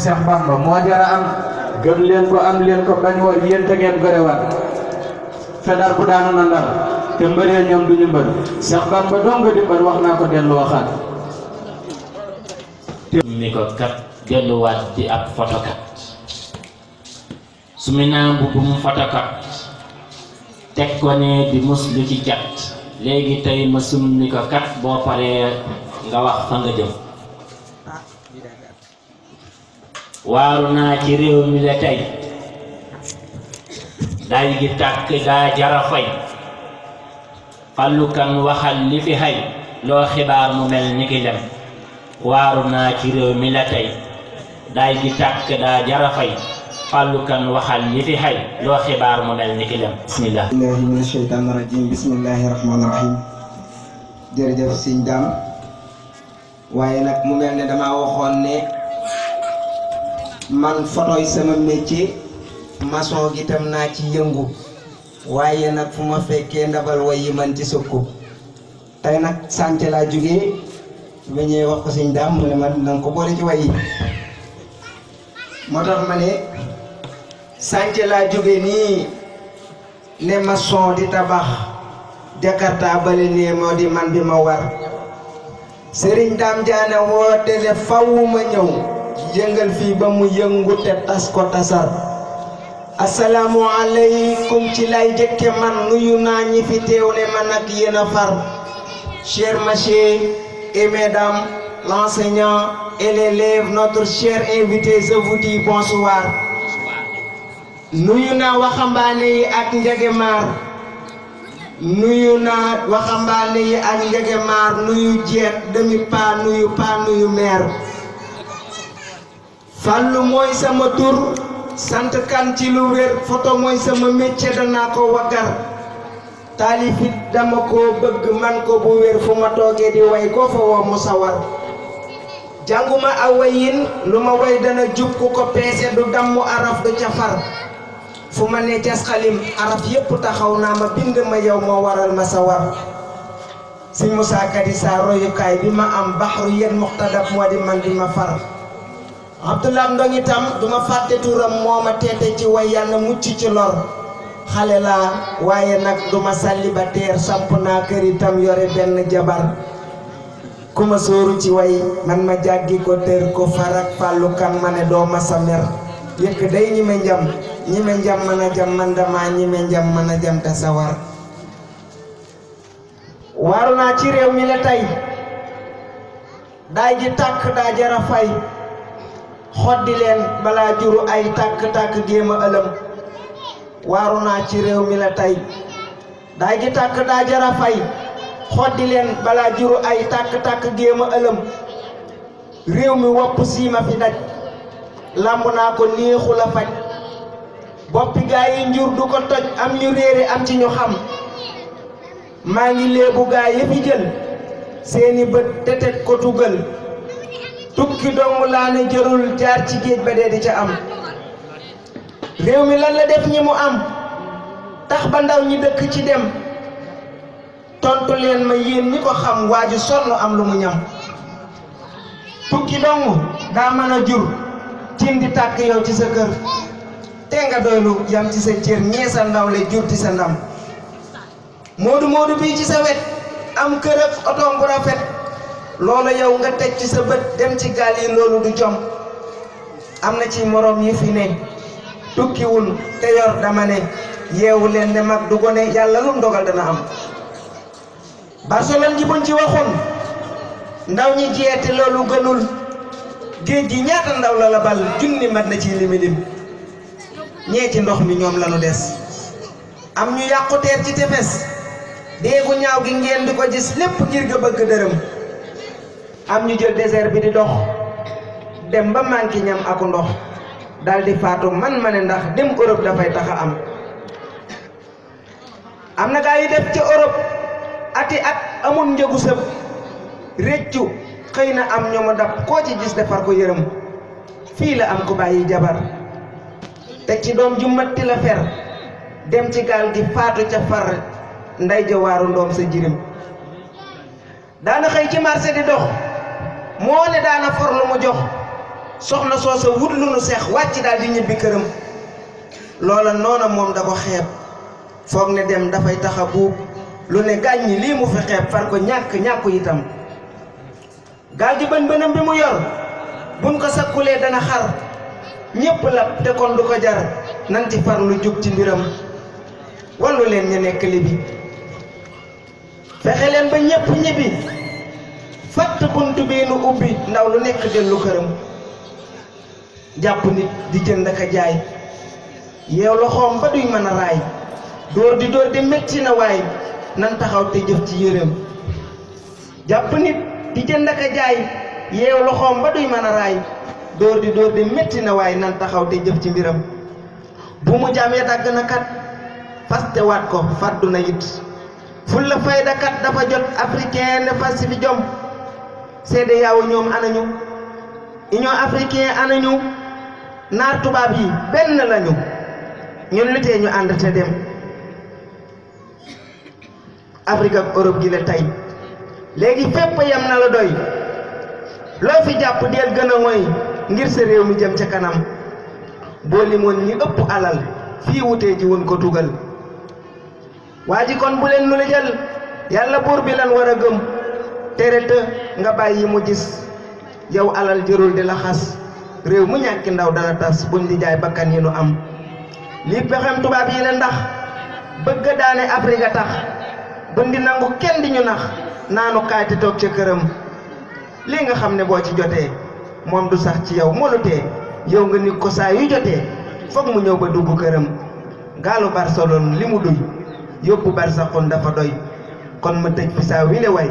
Siapa Bamba moo am gëm leen ko am leen ko bañ woo yéen te ngeen gorewaat fe dar bu te ñom duñu Cheikh Bamba dong di bar wax na ko dellu waxaat ni ko kat wat di ak fotokat su bu naa mbubbum fotokat tek ko ne di mus lu ci jat léegi tey ma sum ni ko kat bo paree nga wax fa nga jëm waaru naa ci réew mi la tey daj gi tàkk daa jara fay waxal li fi xay loo xibaar mu mel ni ki lem waaru ci réew mi la tey daj gi tàkk waxal li fi mu mel ni ki lem bismillah billahi min sheytaan siñ daam waaye nag mu mel ne damaa waxoon ne man fotoy sama métier maçon gi tam naa ci yëngu waaye nag fu ma fekkee ndabal way man ci sukku tey nag sant laa jógee ba wax ko suñ daam mu ne man na nga ko boole way yi moo tax ma ne sant laa jógee nii ne maçon di tabax jakarta bale nee moo di man bi ma war sëriñ daam jaane woo tele faw ma ñëw yëngal fii ba mu yëngu te tas ko tasar asalaamualeykum ci lay jëkke man nuyu naa ñi fi teew ne man ak yéen far chers messieurs et mesdames l'enseignant et l'élève notre cher invité je nuyu naa waxambaane yi ak njegemaar nuyu naa waxambaane yi ak njegemaar nuyu jeet demi pas nuyu meer fallu moy sama tour sante kan ci lu wer photo moy sama métier na ko wagar talifit dama ko bëgg man ko bu wer fu ma toogee di way ko fa wo musawar janguma awayin luma way dana jub ku ko peese du damu araf du ca far fu ne xalim araf yépp taxaw na ma bind ma yow mo waral ma sawar si musa Kadi sa kay bi ma am bahru yéen muqtadaf modi man di ma far Abdullah Ndong itam du ma fàtte turam moo ma teete ci way yàlla mucc ci lor xale laa waaye nag du ma célibataire samp naa kër itam yore benn jabar ku ma sóoru ci way man ma jàggi ko tër ko farak fàllu kan ma ne doo ma sa mer yëkk day ñi njam ñi njam mën a jam man dama ñi njam mën a jam te sa war waaru naa ci réew mi la daay ji tàkk daa jara fay xoddi leen balaa juru ay tàkk-tàkk jéem a ëlëm waaru naa ci réew mi la tey daa ji tàkk daa jara fay xoddi leen balaa juru ay tàkk-tàkk jéem a ëlëm réew mi wopp siima fi daj làmb naa ko néexu la faj boppi gaa yi njur du ko toj am ñu réere am ci ñu xam maa ngi léebu gaa yi fi seeni bët te teg ko tugal tukki dong laa ne jërul jaar ci géej ba dee di ca am réew mi lan la def ñi mu am tax ba ndaw ñi dëkk ci dem tontu leen ma yéen ñi ko xam waaju sonn am lu mu ñam tukki dong daa mën a jur cin di tàkk yow ci sa kër te nga doylu yam ci sa cër ñee sa ndaw la jur ci sa ndam moodu moodu bii ci sa wet am kër ak otoom bu rafet loolu yow nga teg ci sa bët dem ci gaal yi loolu du jom am na ci moroom yi fi ne tukkiwul te yor dama ne yeewu leen ne mag du gone yàlla lu mu dana am Barcelone ji buñ ci waxoon ndaw ñi jiyeete loolu gënul géej gi ñaata ndaw la la bal junni mat na ci limilim ñee ci ndox mi ñoom lanu des am ñu yàqu ci tefes déegu ñaaw gi ngeen di ko gis lépp ngir nga bëgg dërëm am ñu jël désert bi di dox dem ba manqué ñam aku ndox daldi di faatu man ma ne ndax dem Europe dafay tax am am na gaa yi def ca Europe ati at amul njëgu sëb réccu xëy na am ñoo ma koo ci gis defar ko yërëm fii la am ku bàyyi jabar te ci doom ju matti dem ci gaal gi faatu ca far nday jawaaru ndoom sa jirim daana xëy ci marché di dox moo ne daana for lu mu jox soxna soosa wut lu nu seex wàcc daal di ñibbi këram loola noona moom da ko xeeb foog ne dem dafay tax buub lu ne gàññi lii mu fi xeeb far ko ñàkk ñàkku itam gaal di bën bënam bi mu yor buñ ko sakkulee dana xar ñépp la te kon du ko jar nan ci far lu jub ci mbiram wallu leen ñu nekk li fexe leen ba ñépp ñibbi fàtt bunt bii nu ubbi ndaw lu nekk dellu këram jàpp nit di jënd ak yeew loxoom ba duñ mën a raay dóor di dóor di métti na waay nan taxaw te jëf ci yërëm jàpp nit di jënd ak jaay yeew loxoom ba duñ mën a raay dóor di dóor di métti na waay nan taxaw te jëf ci mbiram bu mu jàmmee dagg na kat faste waat ko fàddu na it fulla fayda dafa jot africain fas fi jom CEDEAO ñoom anañu Union africaine anañu naar tubaab yi benn lañu ñun lu tee ñu ànd te dem Afrique ak Europe gi tey léegi fépp yam na la doy loo fi jàpp deel gën a mooy ngir sa réew mi jëm ca kanam boo limoon ñi ëpp alal fii wutee ji woon ko tugal waa ji kon bu leen buur bi lan war gëm tere të nga bàyyi mu gis yow alal jërul di laxas réew mu ñàkki ndaw dana tas buñ di jaay bakkan yi nu am lii pexem tubaab yi la ndax bëgg daane Afrique a tax buñ di nangu kenn di ñu nax naanu kaay te toog ca këram lii nga xam ne boo ci jotee moom du sax ci yow mënutee yow nga ni ko saa yu jotee foog mu ñëw ba dugg këram gaalu Barcelone li mu duy yóbbu Barsaxoon dafa doy kon ma tëj fi saa way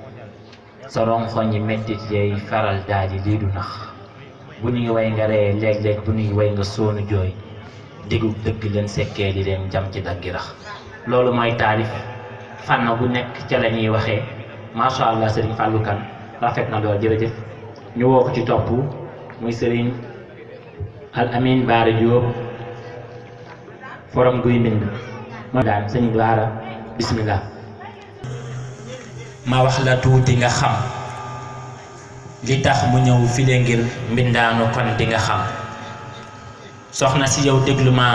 sa rongoñ yi méttit yay faral daal di lii du nax bu ñuy woy nga ree léeg-léeg bu ñuy way nga soonu jooy déggu dëgg leen sekkee di leen jam ci daggi rax loolu mooy taarif fànn bu nekk ca la ñuy waxee macha allah sëriñ Fallou Kane rafet na lool jërëjëf ñu woo ko ci topp muy sëriñ al amin Baara Diop forom guy mbind moo daan sëñ Baara bismillah ma wax la tuuti nga xam li tax mu fi file ngir mbindaanu kon di nga xam soxna si yow degluma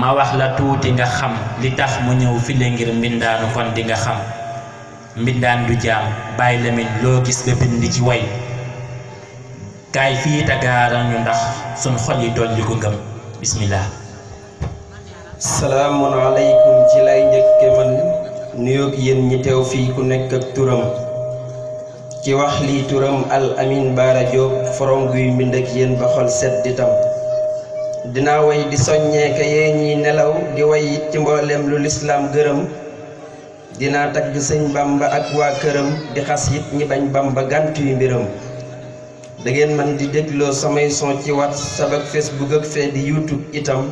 ma wax la tuuti nga xam li tax mu fi file ngir mbindaanu kon di nga xam mbindaan du jaam bàyyi lamin lo gis ba bind ci way fi ta gara ñu ndax sun xol yi ko bismillah Assalamu alaykum ci lay nuyoog yéen ñi teew fii ku nekk ak turam ci wax lii turam al amin baara Diop forom guy mbind ak yéen ba xol set di dina dinaa di soññee ka nelaw di way it ci mbooleem lu lislaam gërëm dinaa tagg sëñ bamba ak waa këram di xas it ñi bañ bamba gàntuy mbiram da man di dégloo samay son ci whatsapp ak facebook ak fee di youtube itam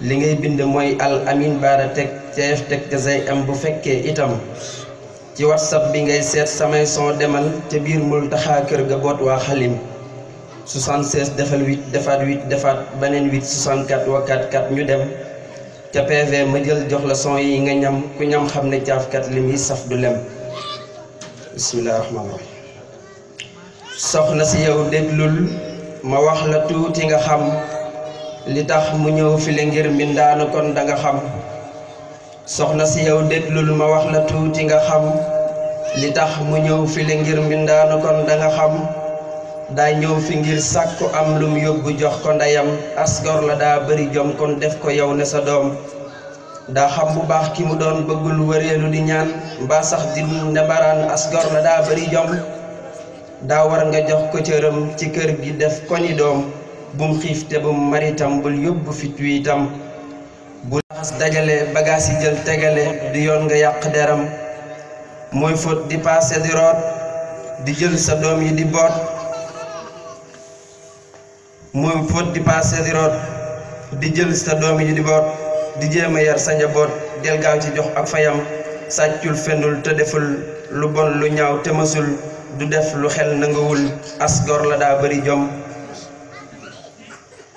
li ngay bind mooy al amin baara teg teef teg ko bu fekkee itam ci whatsapp bi ngay seet samay son demal ca biir mul taxaa kër ga boot waa xalim 76 defal 8 defaat 8 defaat beneen 8 64 wa 44 ñu dem ca PV ma jël jox la son yi nga ñam ku ñam xam ne caafkat lim muy saf du lem bisimilah soxna si yow déglul ma wax la tuuti nga xam li tax mu ñëw fi le ngir mbindaanu kon da xam soxna si yow déglul ma wax la tuuti nga xam li tax mu ñëw fi le ngir mbindaanu kon danga xam daa ñëw fi ngir sàkku am lum yóbbu jox ko ndeyam asgor la daa bari jom def ko yow ne sa doom daa bu baax ki mu doon bëggul wëreelu di ñaan mbaa sax di ndebaraan asgor daa bari jom war nga jox ko cëram ci kër gi def ko ni doom bum xiif te bum maritam bul yóbbu fit wiitam bu laxas dajale bagaas yi jël tegale di yoon nga yàq deram mooy fóot di paase di root di jël sa doom yi di boot muy fóot di paase di jël sa doom yi di boot di jéem yar sa njaboot del gaaw ci jox ak fayam sàccul fenul te deful lu bon lu ñaaw te mësul du def lu xel nanguwul as la daa bari jom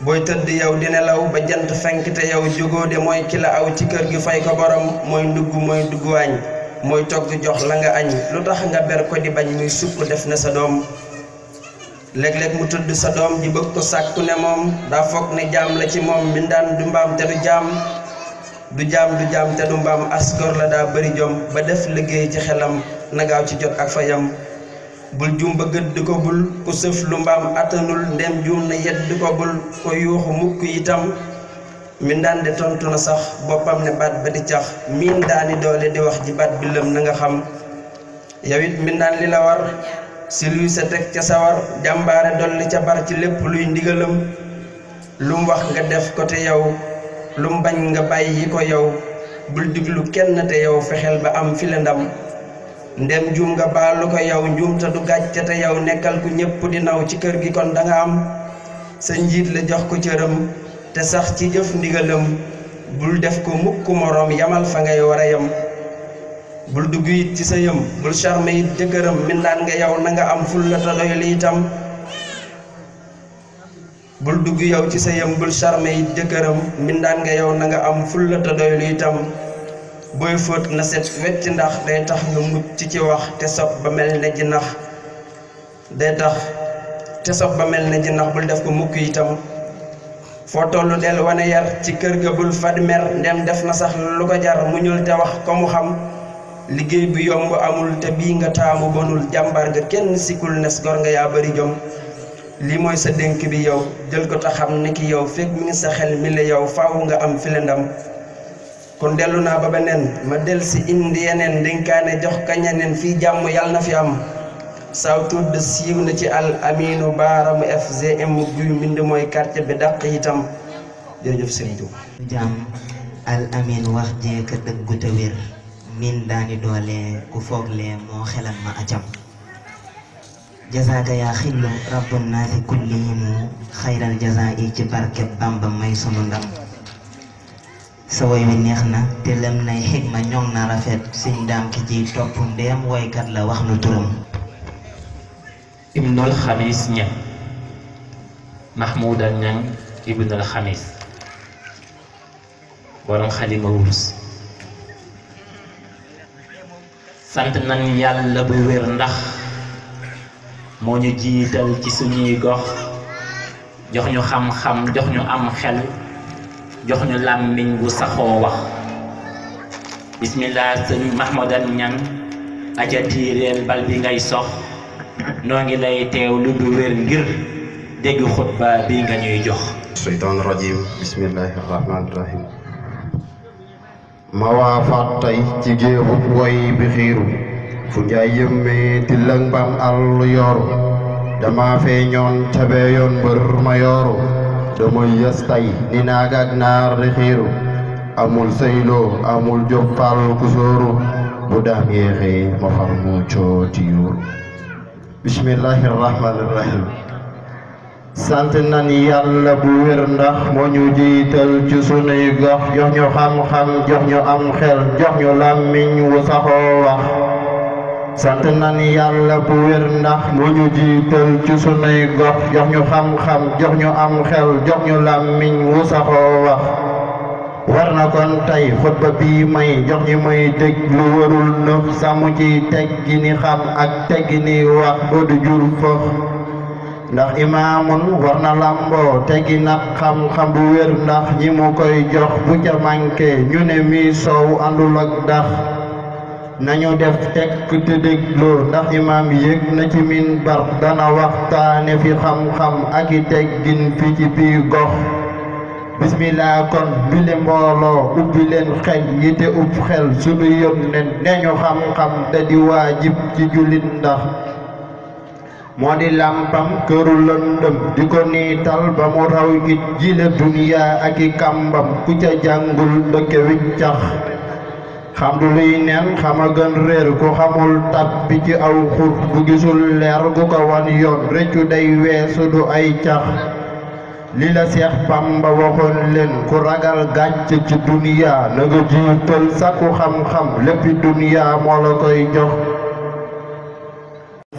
booy tëdd yow di nelaw ba jant fenk te yow jógoo de mooy kilo aw ci kër gi fay ko borom mooy ndugg mooy dugg waañ mooy togg jox la nga añ lu tax nga ber ko di bañ muy supp def na sa doom léeg-léeg mu tudd sa doom ji bëgg ko sàkku ne moom daa foog ne jaam la ci moom mbindaan du mbaam te du jaam du jaam du jaam te du mbaam asgor la daa bëri jom ba def liggéey ci xelam nagaaw ci jot ak fayam bul jum ba gëdd ko bul ku sëf lu mbaam attanul ndem juum na yedd ko bul ko yuuxu mukk itam min daan di tontu na sax boppam ne baat ba di cax miin daani doole di wax ji baat bi lëm na nga xam yow it min daan li la war si luy sa teg ca sawar jàmbaare dolli ca bar ci lépp luy ndigalam lu mu wax nga def ko te yow lu mu bañ nga bàyyi ko yow bul diglu kenn te yow fexeel ba am fi ndam ndem juum nga baalu ko yow njuum te du gàcce te yow nekkal ku ñëpp di naw ci kër gi kon danga am sa njiit la jox ko cëram te sax ci jëf ndigalam bul def ko mukk moroom yamal fa ngay war a yam bul dugg it ci sa yëm bul charme it jëkkëram mindaan nga yow na nga am fulla te doy bul dugg yow ci sa yëm bul charme it nga yow na nga am fulla te doy itam buy fóot na set wecc ndax day tax nga mucc ci wax te sob ba mel ne jinax day tax te sob ba mel ne jinax bul def ko mukk itam foo tollu del wane yar ci kër ga bul fad mer ndem def na sax lu ko jar muñul te wax ko mu xam liggéey bi yomb amul te bii nga taamu bonul jàmbar nga kenn sikul nes gor nga yaa bari jom lii mooy sa dénk bi yow jël ko te xam ne ki yow fekk mi ngi sa xel mi yow faaw nga am fi kon dellu naa ba beneen ma del si indi yeneen dénkaane jox ka ñeneen fii jàmm yàlla na fi am saw tudd siiw na ci al aminu FGM guy mbind mooy quartier bi dàq itam jërëjëf sëriñ Tuuba jàmm al wax jeeka dëggu te wér min daani doole ku foogle moo xelal ma acam jazaaka yaa xillu rabbun naasi kullihim xayral jazaa ci barkeb bamba may sunu ndam sa woy wi neex na te lem nay xigma ñoŋ na rafet suñ daam ki ciy topp ndeem woykat la wax nu turam ibnul xamis ñan mahmudan ñan ibnul xamis borom xalima wurus sant nañ yàlla bu wér ndax moo ñu jiital ci suñuy gox jox ñu xam-xam jox ñu am xel jox ñu làmmiñ bu saxoo wax bismillah sëñ mahmadan ñan aja tiireel bal bi ngay sox noo ngi lay teew lu du wér ngir dégg xutba bi nga ñuy jox sheytaan rajim bismillahi rahmaani rahim ma waa faat tey ci géexut woy bi xiiru fu njaay yëmmee tillëng mbaam àll yooru dama feeñoon tabee yoon mbër ma yooru damay yas tay ni naag ak naar amul sayloo amul jóg fàllu ku sóoru bu daam yéexee ma far mu cooti yuuru bismillahi rahmaani rahim sant nan yàlla bu wér ndax moo ñu jiital ci sunuy gox jox ñu xam-xam jox ñu am xel jox ñu làmmiñ wu saxoo wax sant nan yàlla bu wér ndax bu ñu jiital ci sunuy gox jox ñu xam-xam jox ñu am xel jox ñu làmmiñ wu saxoo wax war na kon tey xutba bii may jox ñi may dégg lu warul nëf sàmm ci teggini xam ak teggini wax ba du jur fox ndax imaamun war na làmboo teggi nag xam-xam bu wér ndax ñi mu koy jox bu ca manqué ñu ne mii soow àndul ak dax nañu def teg ku déglu ndax imaam yëg na ci min bar dana waxtaane fi xam-xam ak i teggin fi ci biir gox bismillah kon bile mbooloo ubbi leen xel yi te ub xel sunu yónneen ne ñu xam-xam te di waajib ci jullit ndax moo di làmpam këru lëndëm di ko niital ba mu raw it jile duniyaa ak i kàmbam ku ca jàngul dëkke wiccax xam du luy neen xama gën réer ku xamul tàbbi ci aw xur bu gisul leer gu ko wan yoon rëccu day weesu du ay cax li la seex Bamba waxoon leen ku ragal gàcc ci duniya na nga jiital sakku xam-xam léppi duniya moo la koy jox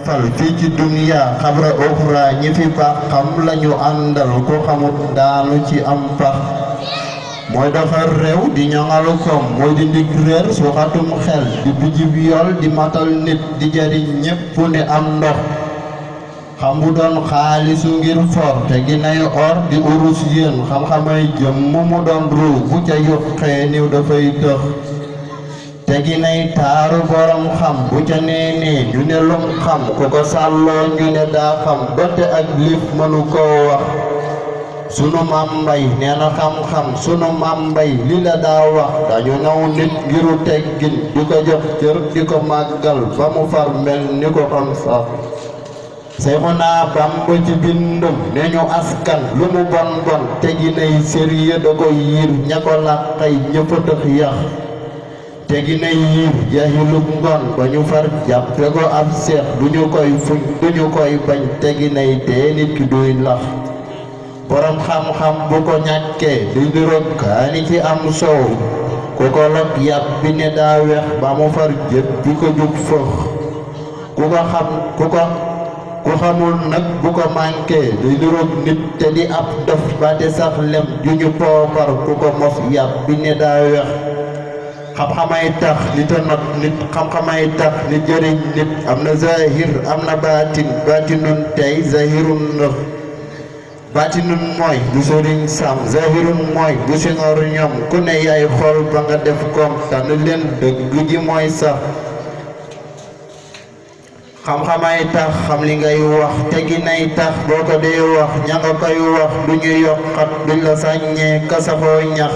sal fi ci duniya xabra oxra ñi fi baax xam lañu àndal ku xamut daanu ci am mooy doxal réew di ñaŋalu koom mooy di ndig réer su xatum xel di bijib yool di matal nit di jariñ ñépp ne am ndox xam bu doon xaalisu ngir for te gi nay or di urus yéen xam-xamay jëm mu mu doon ruu bu ca yuqee niw dafay tëx te gi nay taaru borom xam bu ca nee nee ñu ne lum xam ku ko sàlloo ñu ne daa xam donte ak lif mënu koo wax sunu maam mbay nee na xam-xam sunu maam mbay li la daa wax dañu naw nit ngiru teggin di ko jox cër di ko màggal ba mu far mel ni ko xon sax Seexuna Bàmba ci bindum ne ñu askan lu mu bon bon tegi nay sériya da ko yiir ña ko làqay ñëpp tëx yax tegi na yiir jahilub ngoon ba ñu far jàppe ko ab seex du ñu koy fuñ du ñu koy bañ tegi nay tee nit ki duy lax borom xam-xam bu ko ñàkkee di nduróog kaani ci am soow ku ko log yàpp bi ne daa weex ba mu far jëpp ko jug fëx ku ko xamul nag bu ko manqué di nduróog nit te di ab dof ba te sax lem ju ñu pookar ku ko mos yàpp ne daa weex xam-xamay tax nit a not nit xam-xamay tax nit jëriñ nit am na zahir am na baatin tey zahirun nëx baatinun mooy bu sëriñ sam zahirun mooy bu si noor ñoom ku ne yaay xool ba nga def koom tànn leen dëgg ji mooy sax xam-xamay tax xam li ngay wax tegi nay tax boo ko dee wax ña nga koy wax du ñu yokkat duñ la sàññee kasaxoo ñax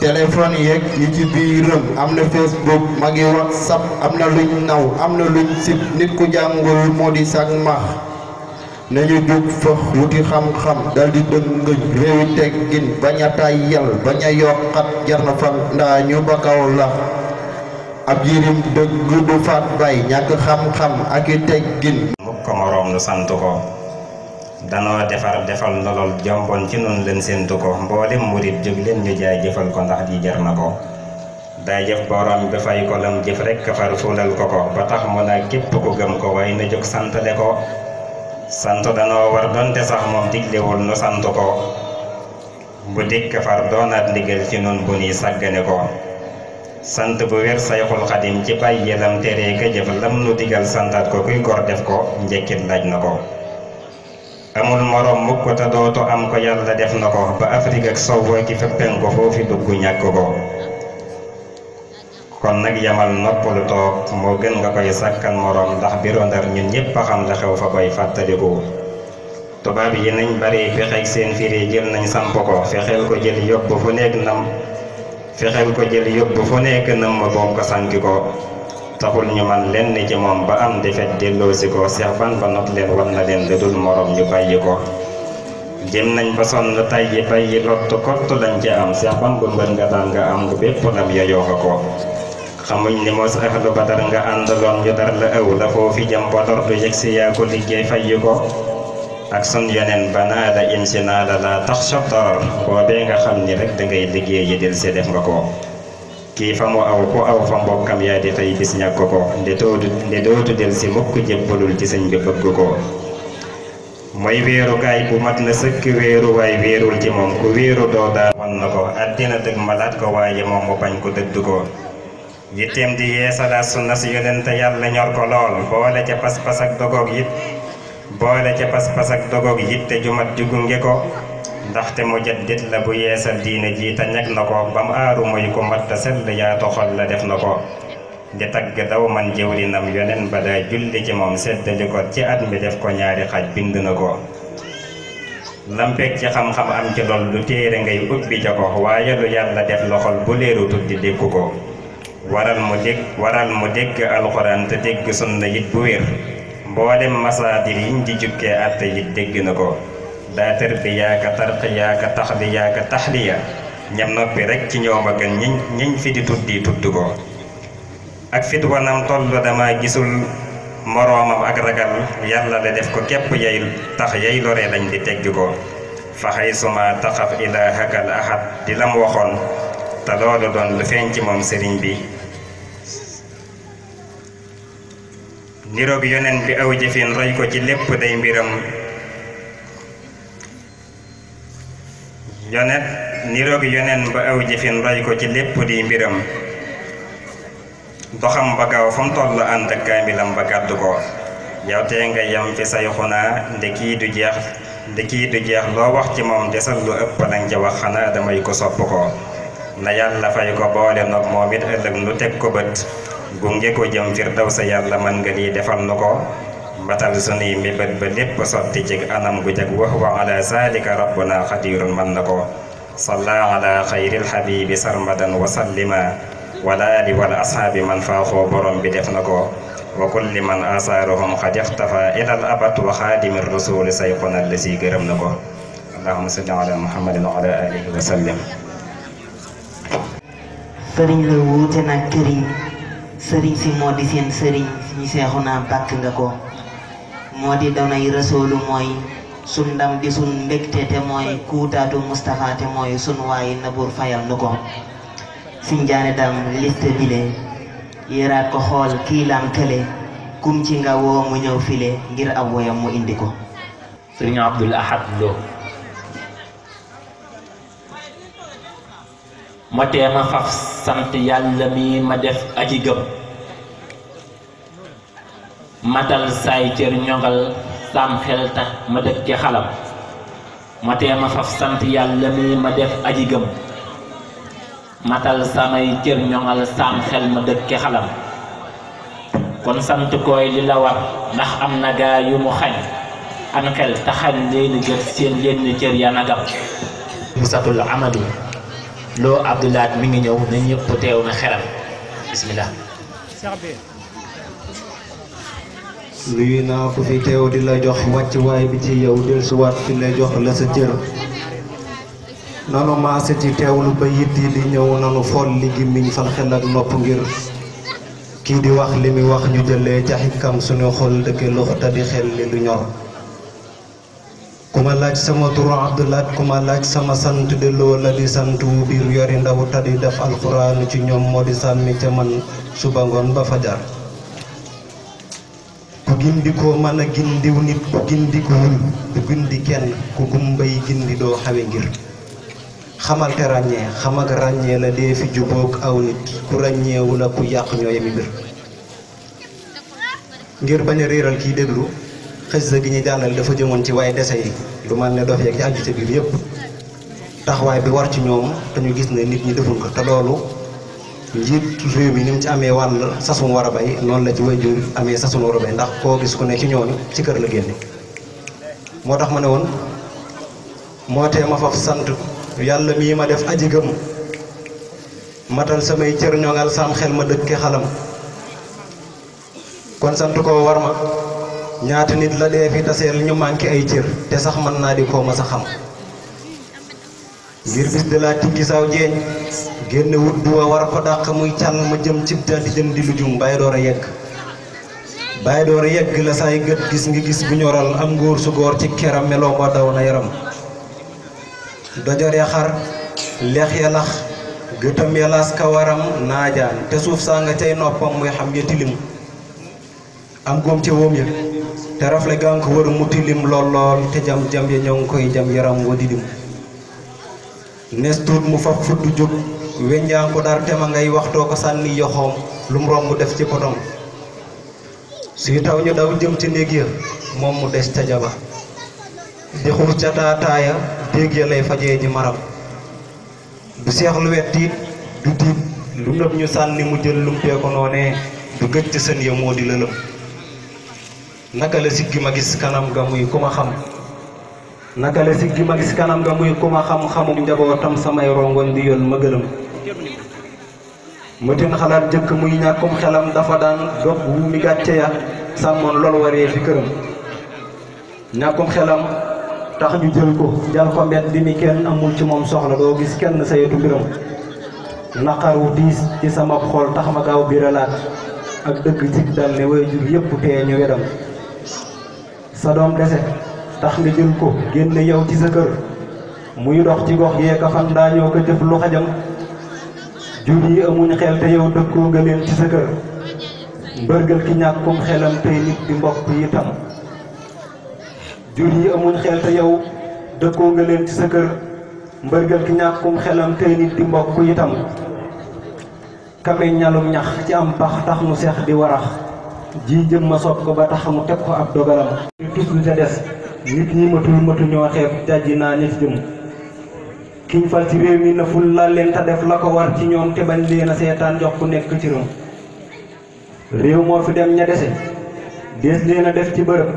téléphone yeeg yi ci biiram am na facebook magi whatsapp am na luñ naw am na luñ sib nit ku jàngul moo di sag nañu jóg fëx wuti xam-xam dal di dëngëñ réewi teggin bañ a tayyal bañ a yokkat jar na fan ndaa ñu ba kaw la ab yirim dëgg du faat bay ñàkk xam-xam ak i teggin mukk moroom nu sant ko danoo defar defal ndolol jomboon ci noonu leen séentu ko mboolem murit jóg leen ñu jaay jëfal ko ndax di jar na ko daa jëf borom bi fay ko lam jëf rekk far fuulal ko ko ba tax mu naa képp ku gëm ko waaye na jóg santale ko sant danoo war donte sax moom diglewul nu sant ko bu dikk far doonaat ndigal ci nun bu nuy sàggane ko sant bu wér sayxul xadim ci bàyyi lam teree ka jëf lam nu digal santaat ko kuy gor def ko njëkkit laaj na ko amul moroom mukk te dootu am ko yàlla def na ko ba Afrique ak sow ki féppen ko foofi dugg ñàkk ko kon nak yamal noppalu tok mo gën nga koy sakkan morom ndax biru ndar ñun ñepp xam la xew fa bay toba bi yi nañ bari fexeek seen firé jël nañ samp ko fexeel ko jël yóbbu fu nek nam fexeel ko jël yóbbu fu nek nam ma bom ko sanki ko taxul ñu man lenn ci mom ba am defet ci ko cheikh ban ba not leen war na leen dëddul morom ñu bayyi ko jëm nañ ba sonn tayyi bàyyi lott to lañ ci am cheikh ban bu mbër nga daan nga am bu nam ya yo ko xamuñ ni mos ahlu badar nga àndaloon ñu dar la ëw la foofi jam du yëg yaa ko liggéey fayyu ko ak sun yeneen banaa la im si naa la laa tax sotor boobee nga xam ni rek dangay liggéey yi del si def nga ko kii fa mu aw ku aw fa mbokkam yaa di tey bis ñàkk ko nde dootu nde dootu si mukk jébbalul ci sëñ bi bëgg ko mooy wéerukaay bu mat na sëkk wéeru wéerul ci moom ku wéeru doo daan wan ko àddina dëgg malaat ko waaye moom mu bañ ko dëdd yitteem di yeesalaat sunna si yonente yàlla ñor ko lool boole ca pas-pas ak dogoog yit boole ca pas-pas ak dogoog yitte ju mat di gunge ko ndaxte mujaddid la bu yeesal diine ji te ñag na ko bam aaru muy ko mat sell yaatu xol la def na ko di tagg daw man jëwrinam yonen ba daa julli ci moom seddali ko ci at mi def ko ñaari xaj bind na ko lampeg ci xam-xam am ci lool lu téere ngay ubbi ca ko waaye lu yàlla def loxol bu leeru tuddi dékku ko waral mu deg waral mu deg alquran te deg sunna yit bu wer mboolem masadir yiñ di jukke àtte yit deg na ko daa ya ka ya ka taxdiyaa ka tahliya ñam noppi rek ci ñoom gën ñiñ ñiñ fi di tuddi tuddu ko ak fit wanam tollu dama gisul moroomam ak ragal yalla la def ko kep yay tax yay lore lañ di tegg ko fa suma taqaf ilaa hakal ahad dilam waxon ta lolu don doon lu feeñ bi niroog yonen bi aw jëfin roy ko ci lépp day mbiram yonet niroog yonen ba aw jëfin ko ci lépp di mbiram doxam ba gaaw fa mu toll ànd ak kaamilam ba gàddu ko yow tee nga yem fi say xunaa ndekii du jeex ndekii du jeex loo wax ci moom desal lu ëpp la nga wax xanaa damay ko sopp ko na yàlla fay ko boole noog moom it ëllëg nu teg ko bët gunge ko jëm Firdawsa yàlla mën nga lii defal nu ko mbatal mébét ba lépp sotti ci anam gu jag wax wa ala zalika rabbuna xadirun mën na salla ala xayril xabibi sarmadan wa sallima wala ali wala ashaabi man faaxoo borom bi def na ko wa kulli man asaaruhum xad ixtafa ilal abad wa xaadimi rasuli sayxuna la si gërëm na salli ala muhammadin wa ala alihi wa sallim sëriñ la wuute nag sëriñ si moo di seen sëriñ ñu seexu naa bàkk nga ko moo di danay rasoolu mooy sun ndam di sun mbégte te mooy kuutaatu Moustapha te mooy sun waayi nabuur fayal nu ko siñ jaane dam liste bile yéeraat ko xool kiilaam kële kum ci nga woo mu ñëw file ngir ab woyam mu indi ko ma tee ma faf sant yàlla mi ma def aji gëm matal saay cër ñongal saam xel tax ma dëkk ci xalam ma tee ma faf sant yàlla mi ma def aji gëm matal samay cër ñongal saam ma dëkk ci xalam kon sant koy li la war ndax am na gaa yu mu xañ an xel taxañ leen gët seen yenn cër ya nagam misatul amali لو عبد الله مين يو نيني بتيو نخرب بسم الله لينا في تيو دلا جوخ واتي واي بتي يو دل سوات في لا جوخ لا سجر نانو ما ستي تيو لو بيتي لي نيو نانو فول لي جي مين فال خل اك نوب غير كي واخ لي واخ ني جلي كام سونو خول دك لوخ تدي خل Kumalaj laaj sama turu abdullah ku laaj sama santu de loola di sant wu biir yori ndaw tadi def alquran ci ñom modi sammi ci man suba ba fajar ku ko mana gindi wu nit ku ko ku gindi kenn ku gumbay gindi do xawé ngir xamal te ragne xam ak ragne la dee fi jubok aw nit ku wu la ku yaq ñoy mi bir ngir bañ reeral ki deglu xasida gi ñu jàllal dafa jëmoon ci waaye dese yi lu mel ne dof yeeg ci aju ci biir yëpp taxawaay bi war ci ñoom dañu gis ne nit ñi deful ko te loolu njiit réew mi ni mu ci amee wàll sasum war a bay noonu la ci wajur amee sasum war a bay ndax koo gis ko ne ci ñooñu ci kër la génne moo tax ma ne woon moo tee ma faf sant yàlla mii ma def aji gëm matal samay cër ñoŋal sam xel ma dëkke xalam kon sant koo war ma ñaata nit la dee fi tassé lu ñu manqué ay cër té sax man na di ko ma sa xam ngir bis de la tiggi saw jeeñ génn wut duwa war ko dàq muy can ma jëm ci daal di jëm di lu jum bay doora yegg bay doora yegg la say gët gis nga gis bu ñoral am ngor su gor ci kéram melo ba daw na yaram dojor ya xar lekh ya lakh gëtam ya las ka naajaan te suuf sa nga tay noppam muy xam ya tilim am gom ci wom ya te rafle gaa ko wër mu tilim lool te jam jam ya ñoo ngi koy jam yaram wa didim nees tuut mu fab fudd jóg wenjaan ko dar tema ngay waxtoo ko sànni yoxoom lu mu romb def ci potom suy taw ñu daw jëm ci néeg ya moom mu des ca jaba di xuus ca taataaya déeg ya lay fajee ji maram du seex lu wet du tiit lu nëb ñu sànni mu jël lumpee ko noonee du gëj sën ya moo di lëlëm naka la siggi ma gis kanam ga muy kuma xam naka la siggi ma gis kanam ga muy kuma ma xam xamum njabootam samay rongoñ di yon ma mu mutin xalat jekk muy ñakum xelam dafa daan dog wu mi gatte ya samon lol waré fi këram ñakum xelam tax ñu jël ko ko di mi kenn amul ci mom soxla do gis kenn sayatu mbiram naqaru dis ci sama xol tax ma gaaw ak deug ci dal ne way jur yep te ñu wedam sa doom dese tax nga jël ko génne yow ci sa kër muy dox ci gox yee ka fan daañoo ko jëf lu xajam jur yi amuñ xeel te yow dëkkoo nga leen ci sa kër ki ñàkkum xelam tey nit di mbokk yi tam jur yi amuñ xeel te yow dëkkoo nga leen ci sa kër mbërgal ki ñàkkum xelam tey nit di mbokk yi tam kameñ ñax ci am pax tax mu seex di warax ji jëm ma sopp ko ba tax mu teg ko ab dogalam ñu tus lu ca des nit ñi matu matu ñoo xeeb naa ñi jëm kiñ fal ci réew mi na ful la leen def la ko war ci ñoom te bañ leen a seetaan jox ku nekk ci rëm réew moo fi dem ña dese dees leen a def ci bërëb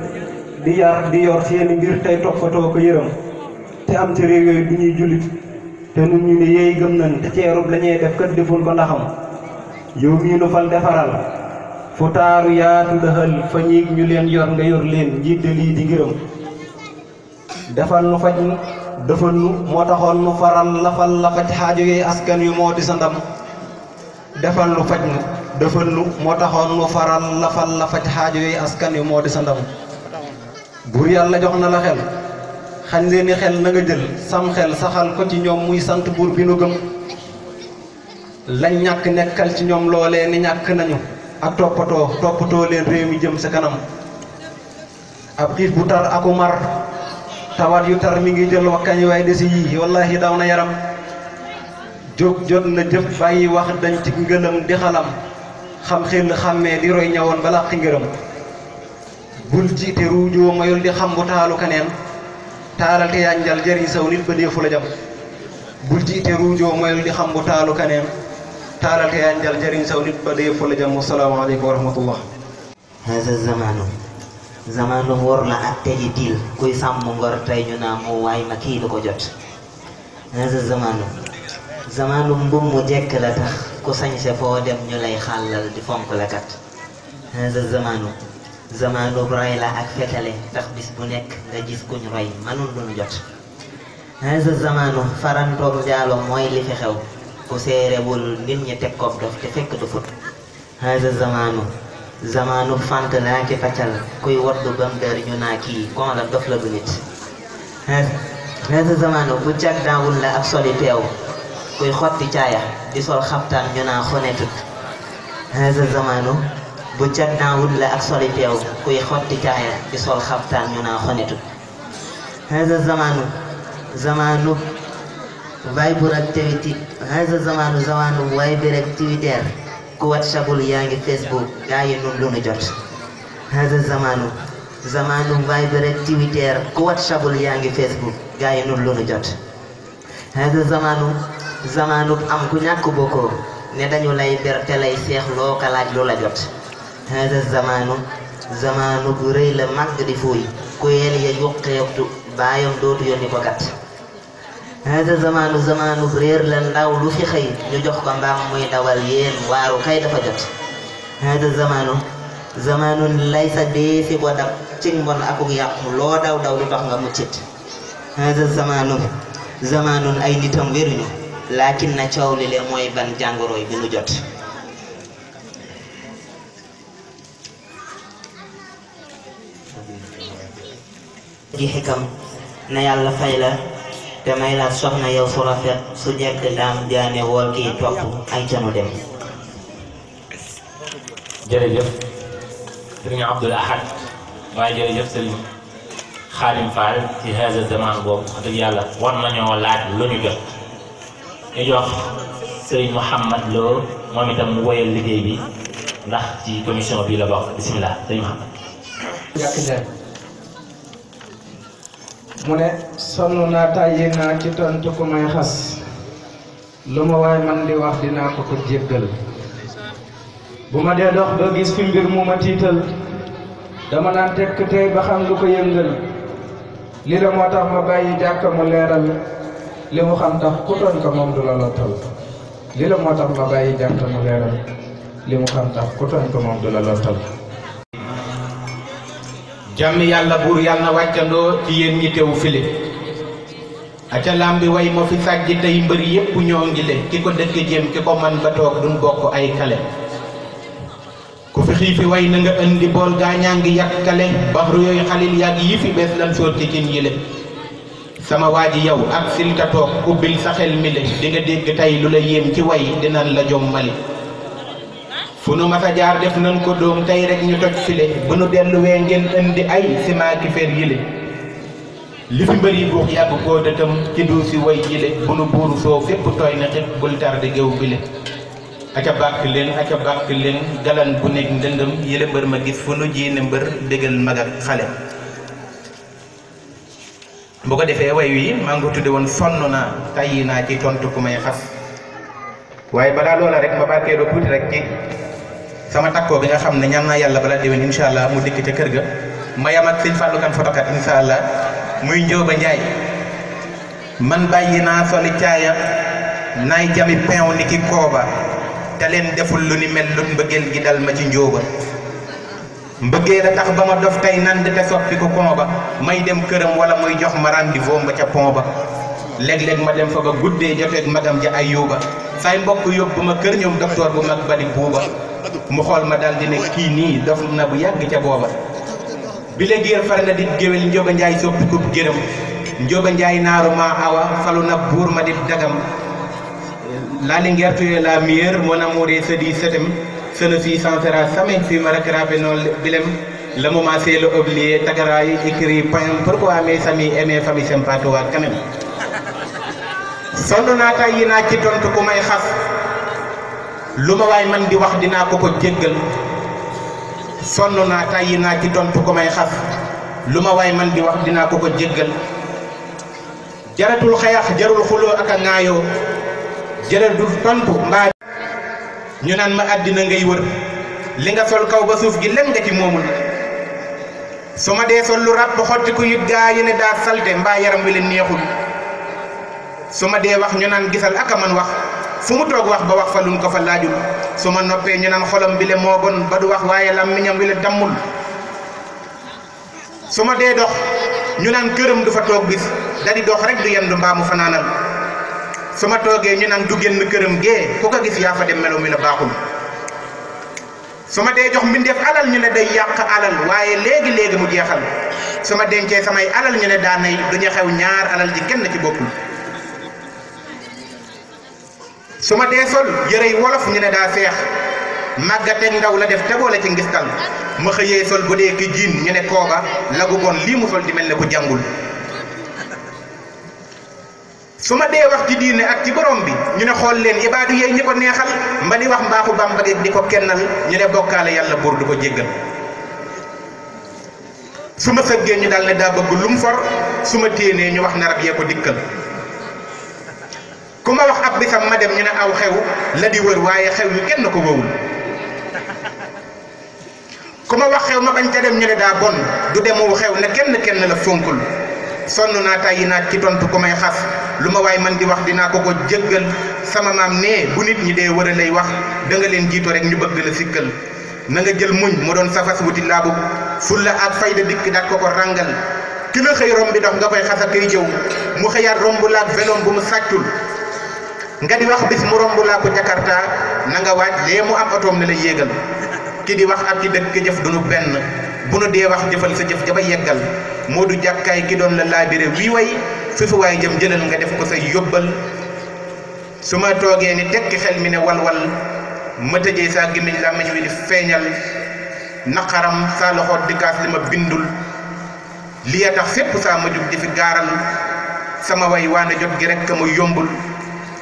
di yar di yor seeni mbir tey toppatoo ko yërëm te am ci réew yooyu du ñuy jullit te nun ñu ne yeey gëm nañ te ceerub la ñuy def kat deful ko ndaxam yow mii nu fal defaral fu taaru yaatu dëxal fa ñiig ñu leen yor nga yor leen njiit lii di ngërëm defal nu faj nu defal moo taxoon nu faral lafal la xaajo yi askan yu moo di sa ndam defal nu faj nu defal moo taxoon nu faral lafal la xaajo yooyu askan yu moo di sa ndam buur jox na la xel xañ leeni xel na nga jël sam xel saxal ko ci ñoom muy sant buur bi nu gëm lañ ñàkk nekkal ci ñoom loolee ni ñàkk nañu ak toppatoo toppatoo leen réew mi jëm sa kanam ab xiif bu tar aku mar tawaat yu tar mi ngi jël wakkañ waay desi yi wallahi daw na yaram jóg jot na jëf bàyyi wax dañ ci ngëlëm di xalam xam xel xàmmee di roy ñawoon balaa xi ngërëm bul ci te ruujoo mayul di xam bu taalu keneen taalal te yànjal jëriñ nit ba déefu la jam bul ci ruujoo mayul di xam bu taalu keneen taalal ke yaanjal jëriñ saw nit ba dee fole jàmm salaamaaleykum wa rahmatullah hasa zamanu zamanu wor na kuy sàmm ngor tey ñu naa mu waay ma kii lu ko jot hasa zamanu zamanu mbum mu jekk la tax ku sañse foo dem ñu lay xàllal di fonk la kat hasa zamanu zamanu roy la ak fetale tax bis bu nekk nga gis kuñ roy manul lu nu jot hasa zamanu farantoog njaalo mooy li fi xew ku seerewul nit ñi teg koog dof te fekk du fut hasa zamanu zamanu fant naa ki paccal kuy wardu bam der ñu naa kii kon la dof la du nit hasa zamanu ku cag daawul la ak soli peew kuy xotti caaya di sol xaptaan ñu naa xonetut hasa zamanu bu cag daawul la ak soli peew zamanu zamanu Viber activité hasa zamanu zamanu Viber yaa ngi facebook gaa yi nun lu nu jot hasa zamanu zamanu Viber activitaire er, ku whatsappul yaa ngi facebook gaa yi nun lu nu jot hasa zamanu zamanu am ku ñàkk bokkoo ne dañu lay ber lay seex loo ka laaj lu la jot hasa zamanu zamanu bu rëy di fuuy ku yel ya yuqeektu baayam dootu yónni ko kat hada zamanu zamanu réer la ndaw lu fi xëy ñu jox ko mbaam muy dawal yéen waaru kay dafa jot hada zamanu zamanu lay sa dee fi ko dab ci mbon akuk yàqu loo daw daw lu tax nga muccit hada zamanu zamanu ay nitam wéruñu laakin na coow li le mooy ban jàngoroy bi nu jot ji xikam na yàlla fay la te may la soxna yow su rafet su njëkk daam jaane wool kii topp ay canu dem jërëjëf sëriñ Abdul Ahad waaye jërëjëf sëriñ Xaadim Fall ci hasa zaman boobu wax dëgg yàlla war nañoo laaj lu ñu jot ñu jox sëriñ Mouhamad Lo moom itam mu woyal liggéey bi ndax ci commission bi la bokk bisimilah sëriñ Mouhamad mu ne sonn naa tàyyi naa ci tontu ko may xas lu ma waay man di wax dinaa ko ko jéggal bu ma dee dox ba gis fi mbir mu ma tiital dama naan tekk tey ba xam lu ko yëngal li la tax ma bàyyi jàkka mu leeral li mu xam tax ku tooñ ko moom du la lottal li la tax ma bàyyi jàkka mu leeral li mu xam tax ku tooñ ko moom du la lottal jàmmi yàlla buur yàlla na wàccandoo ci yéen ñi teew file aca lam bi way ma fi sàjji tey mbër yépp ñoo ngi le ki ko dëkk jéem ki ko man ba toog duñ bokk ay kale ku fi xiifi way na nga indi bool gaañaa ngi yàq kale baxru xalil yàgg yi bees lan soot ci cin yile sama waa ji yow ak silka toog ubbil sa xel mi le di dégg tey lu la yéem ci way dinañ la jommali fu nu mas a jaar def nan ko doom tey rek ñu toj file bu nu delluwee ngeen indi ay ciment ki fer yile li fi mbëri buux yàgg koo dëtam ci du si way yile bu nu buuru soo fépp tooy na xit bul tarde géew bile aca bàkk leen aca bàkk leen galan bu nekk ndëndëm yële mbër ma gis fu nu jiine mbër bégal mag xale bu ko defee way wi maa ngi ko woon sonn naa tàyyi naa ci tontu ku may xas waaye balaa loola rek ma barkeeloo tuuti rek ci sama takkoo bi nga xam ne ñaan naa yàlla balaa déwén incha allah mu dikk ca kër ga ma yam ak sëñ Fallou foto ka incha allah muy njóoba ba njaay man bàyyi naa soli caaya naay jami peew ni ki kooba te leen deful lu ni mel lu mbëggeel gi dal ma ci njóoba mbëggee la tax ba ma dof tey nand te soppi ko pont ba may dem këram wala muy jox ma rendez-vous ba ca pont ba léeg-léeg ma dem fa ba guddee joteeg magam ja ay yuuba say mbokk yóbbu ma kër ñoom docteur bu mag mu xool ma daal di ne kii nii dof na bu yàgg ca booba bi la géer far na di géwél njóoba njaay soppi kub gërëm njóoba njaay naaru maa awa falu na buur ma di dagam laa li ngertuye la meilleure mon amour est celui septem celui-ci s'en sera jamais si ma rattrapé non bilem le moment c'est l'oublié tagaraay écrit poème pourquoi mes amis et mes familles s'aiment pas toi quand sonn naa tàyyi naa ci tontu ku may xas luma way man di wax dina ko ko jéggal sonu na tàyyi naa ci tontu ko may xaf luma way man di wax dina ko ko jéggal jaratul khayakh jarul khulu ak ngaayo jaral jaratul tontu mba ñu nan ma adina ngay wër li nga sol kaw ba suuf gi lan nga ci momul suma ma dee sol lu rab ba xotti ku yit gaa ne da salte mba yaram wi Soma neexul suma ma dee wax ñu nan gisal ak man wax fu mu toog wax ba wax fa luñ ko fa laajul su ma noppee ñu naan xolam bi le moo bon ba du wax waaye làmmiñam bi le dammul su ma dee dox ñu naan këram du fa toog gis da di dox rek du yendu mbaa mu fanaanal su ma toogee ñu naan du génn këram gee ku ko gis yaa fa dem melo mi la baaxul su ma dee jox mbindeef alal ñu ne day yàq alal waaye léegi léegi mu jeexal su ma dencee samay alal ñu ne daanay duñu xew ñaar alal ji kenn ci bokkul suma desol, sol wolof ñu ne daa feex magate ndaw la def teboo la ci ngistal ma xeye sol bu de ki jinn ñu ne lagu bon limusol mu sol di melne ko jangul suma de wax ci diine ak ci borom bi ñu ne xol leen ibadu ye ñi ko neexal mba di wax mbaaxu bàmba di ko kennal ñu ne bokkale yalla bur du ko jéggal suma ñu ne da bëgg lum for suma ñu wax narab ye ko dikkal ku ma wax ab bisam ma dem ñu ne aw xew la di wër waaye xew yu kenn ko wowul ku ma wax xew ma bañ ca dem ñu ne daa bon du demoo xew ne kenn kenn la fonkul sonn naa tàyyi naat ci tontu ku may xas lu ma waaye man di wax dinaa ko ko jëggal sama maam nee bu nit ñi dee war a wax da leen jiitu rek ñu bëgg la sikkal na nga jël muñ mu doon safas wuti laa laabu fulla ak fayda dikk daat ko ko ràngal ki la xëy romb bi dox nga koy xas a koy jëw mu xëyaat romb nga di wax bis mu romb laa ko Jakarta na nga waaj lee mu am otoom ne la yéegal ki di wax ak ki dëkk jëf duñu benn bu nu dee wax jëfal sa jëf jaba yeggal moo du jàkkaay ki doon la laabire wii way fi fi waay jëm jëlal nga def ko sa yóbbal su ma toogee ni tekki xel mi ne walwal ma tëjee saa gémmiñ làmmiñ wi di feeñal naqaram saa loxo di kaas li ma bindul li a tax fépp saa ma jug di fi gaaral sama way waana jot gi rekk ma yombul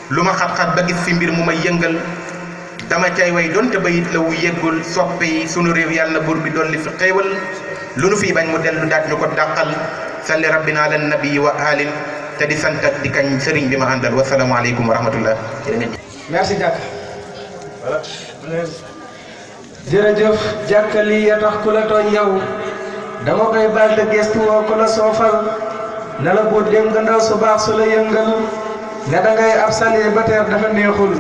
luma ma xat-xat ba gis si mbir mu may yëngal dama cay way te bayit la wu yeggul soppe yi sunu rew yalla bur bi doli fi xewal lu nu fi bañ mu delu dat ñuko dakal salli rabbina lan nabi wa alin te di sant ak di kañ sëriñ bi ma àndal alaykum wa rahmatullah merci jàkk jërëjëf jàkk lii ya tax ku la tooñ yow dama koy bal de gestu woo ku la soofal ne la bo dem nga ndaw su baax su la yëngal ne da ngay ab célibataire dafa neexul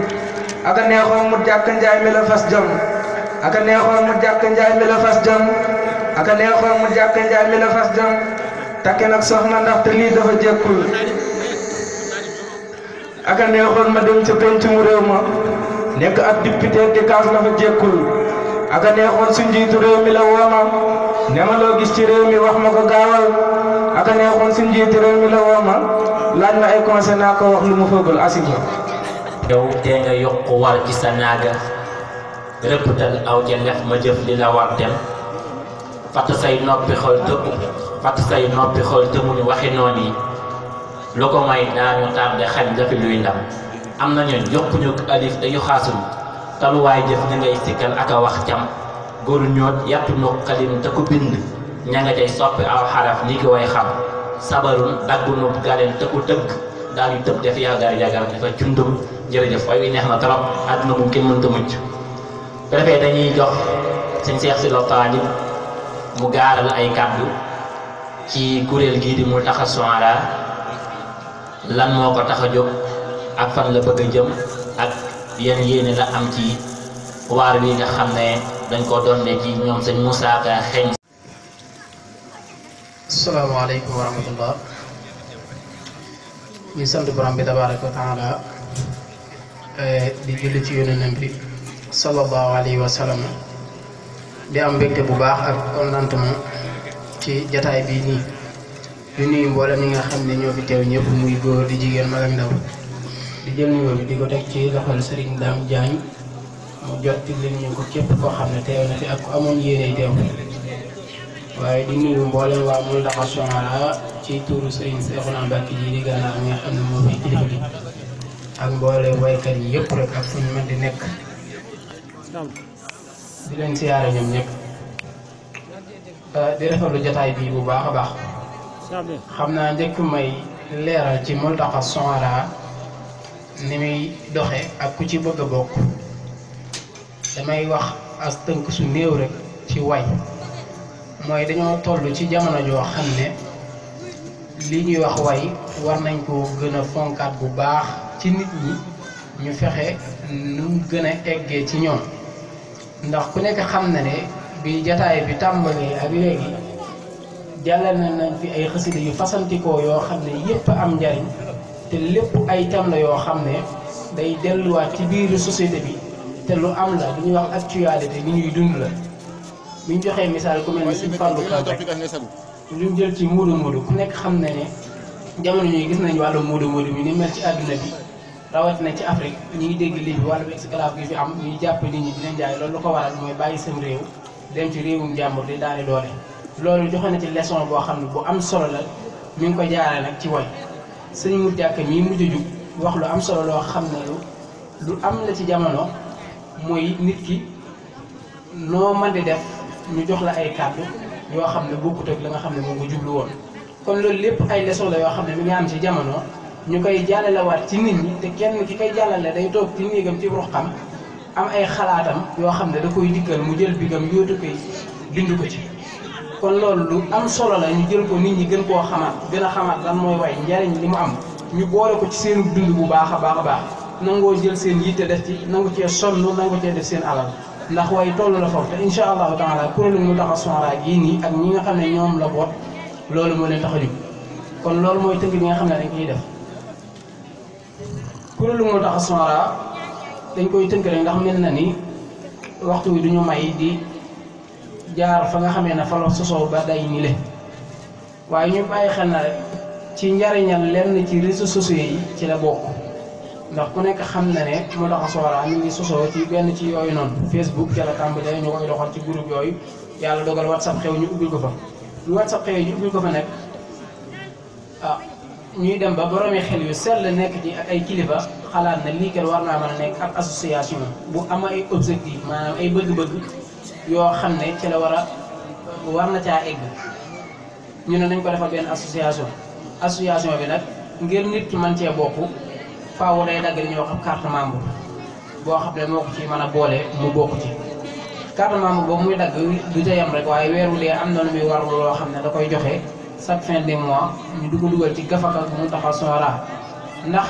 aka neexoon mu jàkk njaay mi la fas jom aka neexoon neexoon mu jàkk njaay mi la fas jom takki nag soxna ndaxte lii dafa jekkul aka neexoon ma dem ca penc mu réew ma nekk ab député di kaas la fa jekkul aka neexoon su njiitu réew mi la wooma ne gis ci réew mi wax ma ko gaawal aka neexoon su njiitu réew mi la wooma laaj ma ay conseil naa ko wax lu mu foogul asib la yow tee nga yokk war ci sa naaga rëpptal aw ja ma jëf li la war dem fatt say noppi xol te fatt say noppi xol te yi lu ko may daañu tardé xañ nga fi luy ndam am na ñun yokku ñu alif te yu xaasuñ taluwaay jëf ña ngay sikkal ak a wax cam góoru ñoot yàttu nu xalim te ko bind ña nga cay soppi aw xaraf ni ki xam sabarun daggunub galeen tëkku tëgg daal di tëb def yaagaar yaagaar dafa cundum jërëjëf waaye wi neex na trop àdduna moom kenn mënta mucc préfet dañuy jox sëñ Seex si la taalib gaaral ay kàddu ci kuréel gii di mu tax a soxla lan moo ko tax a jóg ak fan la bëgg a jëm ak yan yéene la am ci waar wi nga xam ne dañ ko doon ne ci ñoom sëñ Moussa xeeñ asalaamaaleykum wa rahmatullah ñu sant borom bi tabaaraka wa taala eh, di julli ci yonenam bi sallallahu alayhi wa sallam di am mbégte bu baax ak contentement ci jataay bii nii ñu nuyu mboolem ñi nga xam ne ñoo fi teew ñëpp muy góor di jigéen ma ak ndaw di jël nuyoo bi di ko teg ci loxol Serigne Dame Diagne mu jot ci leen ñu ko képp koo xam ne teew na fi ak amoon yéene teew waaye di nuyu mboolem waa Moultakha Sonala ci tuuru Serigne Cheikhouna Mbacké ji di gànnaar mi xam ne moo fi kilifa gi ak mboolem waykat yi yëpp rek ak fu mën di nekk di leen siyaare ñoom ñëpp ah, di rafetlu jotaay bi bu baax a baax xam naa njëkk may leeral ci Moultakha Sonala ni muy doxe ak ku ci bëgg a bokk damay wax as tënk su néew rek ci way mooy dañoo tollu ci jamono joo xam ne li ñuy wax way war nañ koo gën a fonkaat bu baax ci nit ñi ñu fexe nu gën a eggee ci ñoom ndax ku nekk xam na ne bi jataay bi tàmbalee ak léegi jàllal na nañ fi ay xasida yu fasantikoo yoo xam ne yépp am njariñ te lépp ay tam la yoo xam ne day delluwaat ci biir société bi te lu am la lu ñuy wax actualité li ñuy dund la bu ñu joxee misaal ku mel ni suñ fàllu kan rek lu jël ci muudu muudu ku nekk xam na ne jamono ñuy gis nañ wàllu muudu muudu bi ni mel ci àdduna bi rawat na ci Afrique ñu ngi dégg lii bi wàllu esclave gi fi am ñuy jàpp nit ñi jaay loolu lu ko waral mooy bàyyi seen réew dem ci réewum jàmbur di daane doole loolu joxe na ci leçon boo xam ne bu am solo la mi ngi ko jaaree nag ci woy sëñ Mour Diakha mii mujj a wax lu am solo loo xam ne lu am la ci jamono mooy nit ki noo mën di def ñu jox la ay kàddu yoo xam ne bokkut ak la nga xam ne moom nga jublu woon kon loolu lépp ay leçon la yoo xam ne mi ngi am ci jamono ñu koy jàllalewaat ci nit ñi te kenn ki koy jàllale day toog ci néegam ci ruxam am ay xalaatam yoo xam ne da koy dikkal mu jël bigam yóotu koy bind ko ci kon loolu lu am solo la ñu jël ko nit ñi gën koo xamaat gën a xamaat lan mooy way njariñ li mu am ñu boole ko ci seen dund bu baax a baax a baax nangoo jël seen yitte def ci nangu cee sonn nangu cee def seen alal ndax way toll la foofu te incha allahu taala kuréelu mu tax a soxlaa gii nii ak ñi nga xam ne ñoom la boot loolu moo leen tax a jóg kon loolu mooy tënk bi nga xam ne dañ koy def kuréelu mu tax a soxlaa dañ koy tënk rek ndax mel na ni waxtu wi duñu may di jaar fa nga xamee ne fa la sosoo ba day nii le waaye ñu bàyyi xel na rek ci njariñal lenn ci réseaux sociaux yi ci la bokk. ndax ku nekk xam na ne mu la asooraa ñu ngi sosoo ci benn ci yooyu noonu Facebook ca la tàmbalee ñu koy doxal ci groupe yooyu yàlla dogal WhatsApp xew ñu ubbil ko fa. ñu WhatsApp xew ñu ubbil ko fa nekk ah ñuy dem ba boroomi xel yu sell nekk ci ak ay kilifa xalaat na lii kat war naa mën a nekk ab association bu am ay objectif maanaam ay bëgg-bëgg yoo xam ne ci la war a war na caa egg ñu ne nañ ko defal benn association association bi nag ngir nit ki mën cee bokk. faaw day dagg li ñuy wax ab carte boo xam ne moo ko ci mën a boole mu bokk ci. carte membre boobu muy dagg du ca yem rek waaye weer wu am na lu muy warul loo xam ne da koy joxe chaque fin de mois ñu dugg dugal ci gafaka mu taxaw soora ndax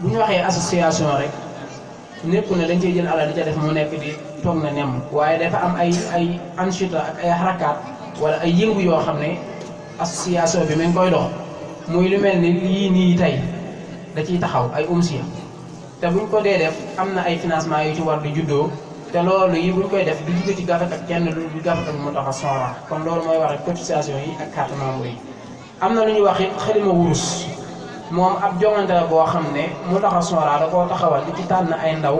bu ñu waxee association rek népp ne dañ cey jël alal di ca def mu nekk di toog na nemm waaye dafa am ay ay anchita ak ay harakaat wala ay yëngu yoo xam ne association bi mi ngi koy dox muy lu mel ni yii nii da ciy taxaw ay umsiya te buñ ko dee def am na ay financement yu ci war di juddoo te loolu yi buñ koy def du jóge ci gafet ak kenn du gafet ak mu tax a soora kon loolu mooy waral cotisation yi ak carte yi am na lu ñuy wax it xalima wurus moom ab joŋante la boo xam ne mu tax a soora da koo taxawal di ci tànn ay ndaw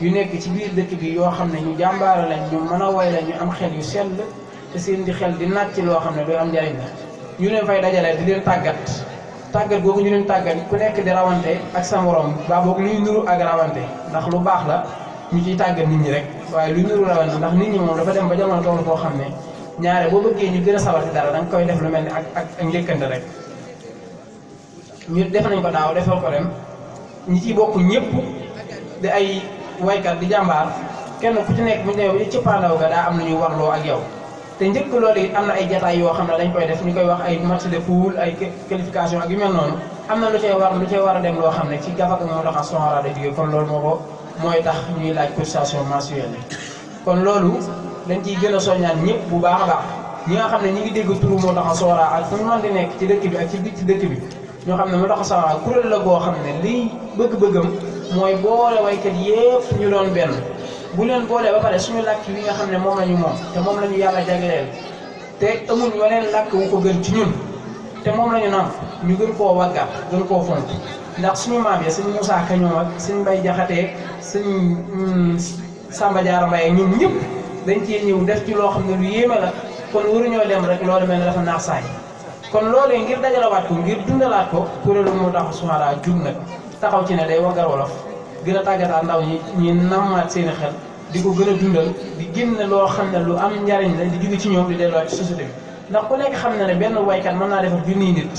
yu nekk ci biir dëkk bi yoo xam ne ñu jàmbaara lañ ñu mën a woy la ñu am xel yu sell te seen di xel di naaj ci loo xam ne dooy am njariñ la ñu ne fay dajale di leen tàggat tàggat googu ñu leen tàggat ku nekk di rawante ak sa morom baa boog luy nuru ak rawante ndax lu baax la ñu ciy tàggat nit ñi rek waaye luy nuru rawante ndax nit ñi moom dafa dem ba jamono toll koo xam ne ñaare boo bëggee ñu gën a sawar ci dara da koy def lu mel ni ak ak ak njëkkante rek ñu def nañ ko daaw defal ko ren ñi ci bokk ñëpp di ay waykat di jàmbaar kenn ku ci nekk mu ñu demee ba ci paandaw ga daa am lu ñuy warloo ak yow te njëkk loolu it am na ay jataay yoo xam ne dañ koy def ñu koy wax ay match de poule ay qualification ak yu mel noonu am na lu cay war lu cay war a dem loo xam ne ci gafaka moo tax Soxora da jógee kon loolu moo ko mooy tax ñuy laaj cotisation mensuelle kon loolu dañ ciy gën a soññaan ñëpp bu baax a baax ñi nga xam ne ñu ngi dégg turu moo tax Soxora ak fu ñu mën di nekk ci dëkk bi ak ci biir ci dëkk bi ñoo xam ne moo tax Soxora kuréel la goo xam ne liy bëgg-bëggam mooy boole waykat yépp ñu doon benn bu leen boolee ba pare suñu làkk bi nga xam ne moom la ñu moom te moom la ñu yàlla jagleel te amul weneen làkk wu ko gën ci ñun te moom lañu ñu ñu gën koo waggat gën koo fonk ndax suñu maam ya suñu Moussa Ka ñoom ak bay Mbay Jaxate suñu mm, Samba Diarra Mbaye ñun ñëpp dañ cee ñëw def ci loo xam ne lu yéeme la kon waruñoo lem rek loolu mel ne dafa naax saay kon loolee ngir dajalawaat ko ngir dundalaat ko kuréelu moo tax suxaraa jug nag taxaw ci ne day waggar wolof gën a tàggataat ndaw ñi ñuy nammaat seen xel di ko gën a dundal di génne loo xam ne lu am njariñ la di jóge ci ñoom di delluwaat ndax ku nekk xam na ne benn waykat mën naa defar junniy nit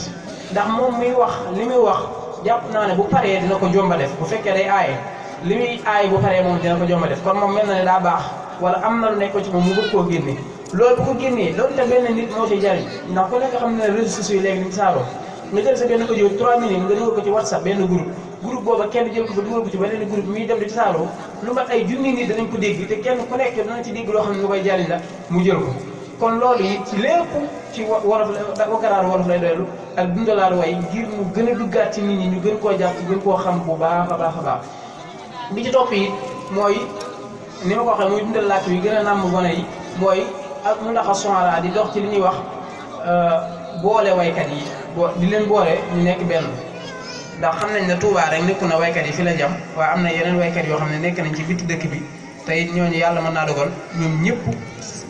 ndax moom muy wax li muy wax jàpp naa ne bu paree dina ko jomba def bu fekkee day aaye li muy aay bu paree moom dina ko jomba def kon moom mel na ne daa baax wala am na lu ci moom mu koo génne loolu ko génnee loolu te benn nit moo ci jariñ ndax ku nekk xam na ne réseaux sociaux yi léegi ni saaroo nga jël sa benn audio 3 minutes nga dugal ko ci whatsapp benn groupe groupe booba kenn jël ko fa dugal ko ci beneen groupe muy dem di tasaaroo lu mat ay junni nit danañ ko dégg te kenn ku nekk dana ci dégg loo xam ne koy jariñ la mu jël ko kon loolu it ci lépp ci wolof la wakaraar wolof lay doylu ak dundalaat way ngir mu gën a duggaat ci nit ñu gën koo jàpp gën koo xam bu baax a baax a baax bi ci topp it mooy ni ma ko waxee muy dundal làkk bi gën a nàmm gone yi mooy ak mu ndax a sonra di dox ci li ñuy wax euh, boole waykat yi bo di leen boole ñu nekk benn ndax xam nañ ne Touba rek nekku na waykat yi fi la jam waaye am na yeneen waykat yoo xam ne nekk nañ ci bitti dëkk bi tey ñooñu yàlla mën naa dogal ñoom ñëpp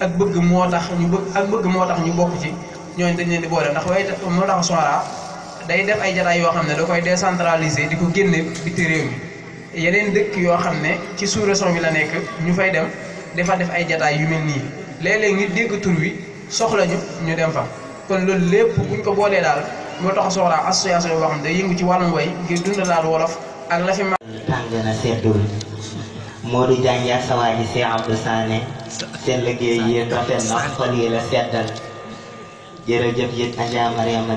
ak bëgg moo tax ñu bëgg ak bëgg moo tax ñu bokk ci ñooñu dañ leen di boole ndax way moo tax Soxna day def ay jataay yoo xam ne da koy décentraliser di ko génne bitti réew mi yeneen dëkk yoo xam ne ci sous-région bi la nekk ñu fay dem dafa def ay jataay yu mel nii léeg ngir ngi wi soxla ñu ñu dem fa kon loolu lépp buñ ko boolee daal. moo tax soxlaa association boo xam day yëngu ci wàllum way ngir dundalaat wolof ak la fi ma tàng na seddul Modou Diagne yaa sa waa ji Cheikh seen liggéey yëngul to jërëjëf yéen Adja Mariama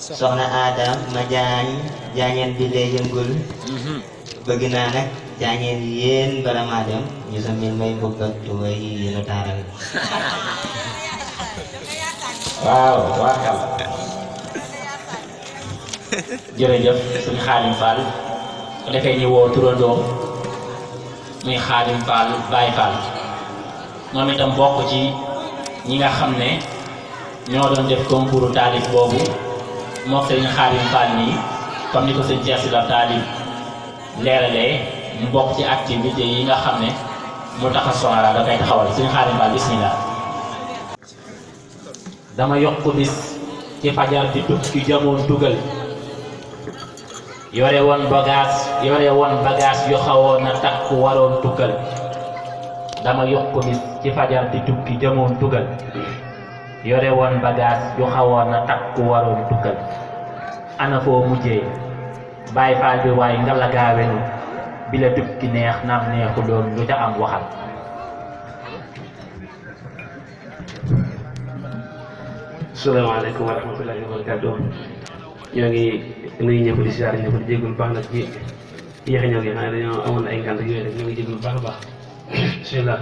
soxna Ada ma Diagne Diagne bi yëngul mhm. bëgg naa nag jaañeen yéen bala dem ñu sa mil may mbokk ak tubay yi yéen a waaw waakal jërëjëf suñu Xaadim Fall bu defee ñu woo turandoo muy Xaadim Fall Baye Fall moom itam bokk ci ñi nga xam ne ñoo doon def concours taalif boobu moom sëñ Xaadim Fall nii comme ni ko sëñ Cheikh la taalif leeralee ñu bokk ci activité yi nga xam ne mu tax a Soxna da koy taxawal suñu xaalis bis ci fajar yore woon bagage yore woon yu dama yokk bis ci fajar di tukki jëmoon tugal yore woon bagage yu xawoon na takk waroon tugal ana mujjee baye faal bi waay nga la gaawenu bi la tukki neex naam neexu doon lu ca am waxal asalaamaaleykum wa rahmatullahi wa barakatuh ñoo ngi nuyu ñëpp di siyaar ñëpp di jégul baax nag ci yéex ñoo ngi dañoo ay ngant rek ñoo ngi baax baax bismillah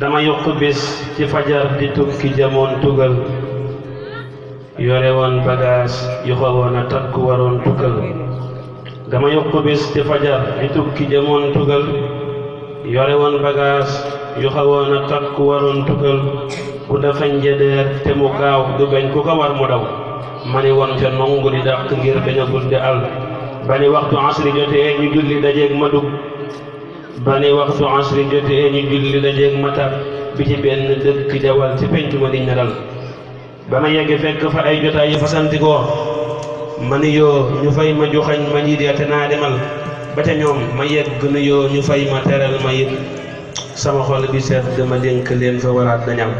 dama yokk bis ci fajar di tukki jamoon tugal yore woon bagage yu xawoon a takk waroon tugal dama yokk bis ci fajar di tukki jamoon tugal yore woon bagaas yu xawoon a takk waroon tugal ku dafa njëdeer te mu gaaw du bañ ku ko war mu daw ma woon ca nongu di dàq ngir bañ a guddi àll ba ni waxtu asri ñu julli dajeeg ma dugg bani wax su asri jotee ñu julli dajeeg mata bi ci ben dëkk jawal ci penc ma di dal bama ma yegg fekk fa ay eh, jotaay yi eh, fasantikoo ma ni yo ñu fay ma xagn ma ñi ya dee na demal ba ca ñom ma yegg ni yo ñu fay ma teral ma yit sama xol bi seet dama denk leen fa waraat dañal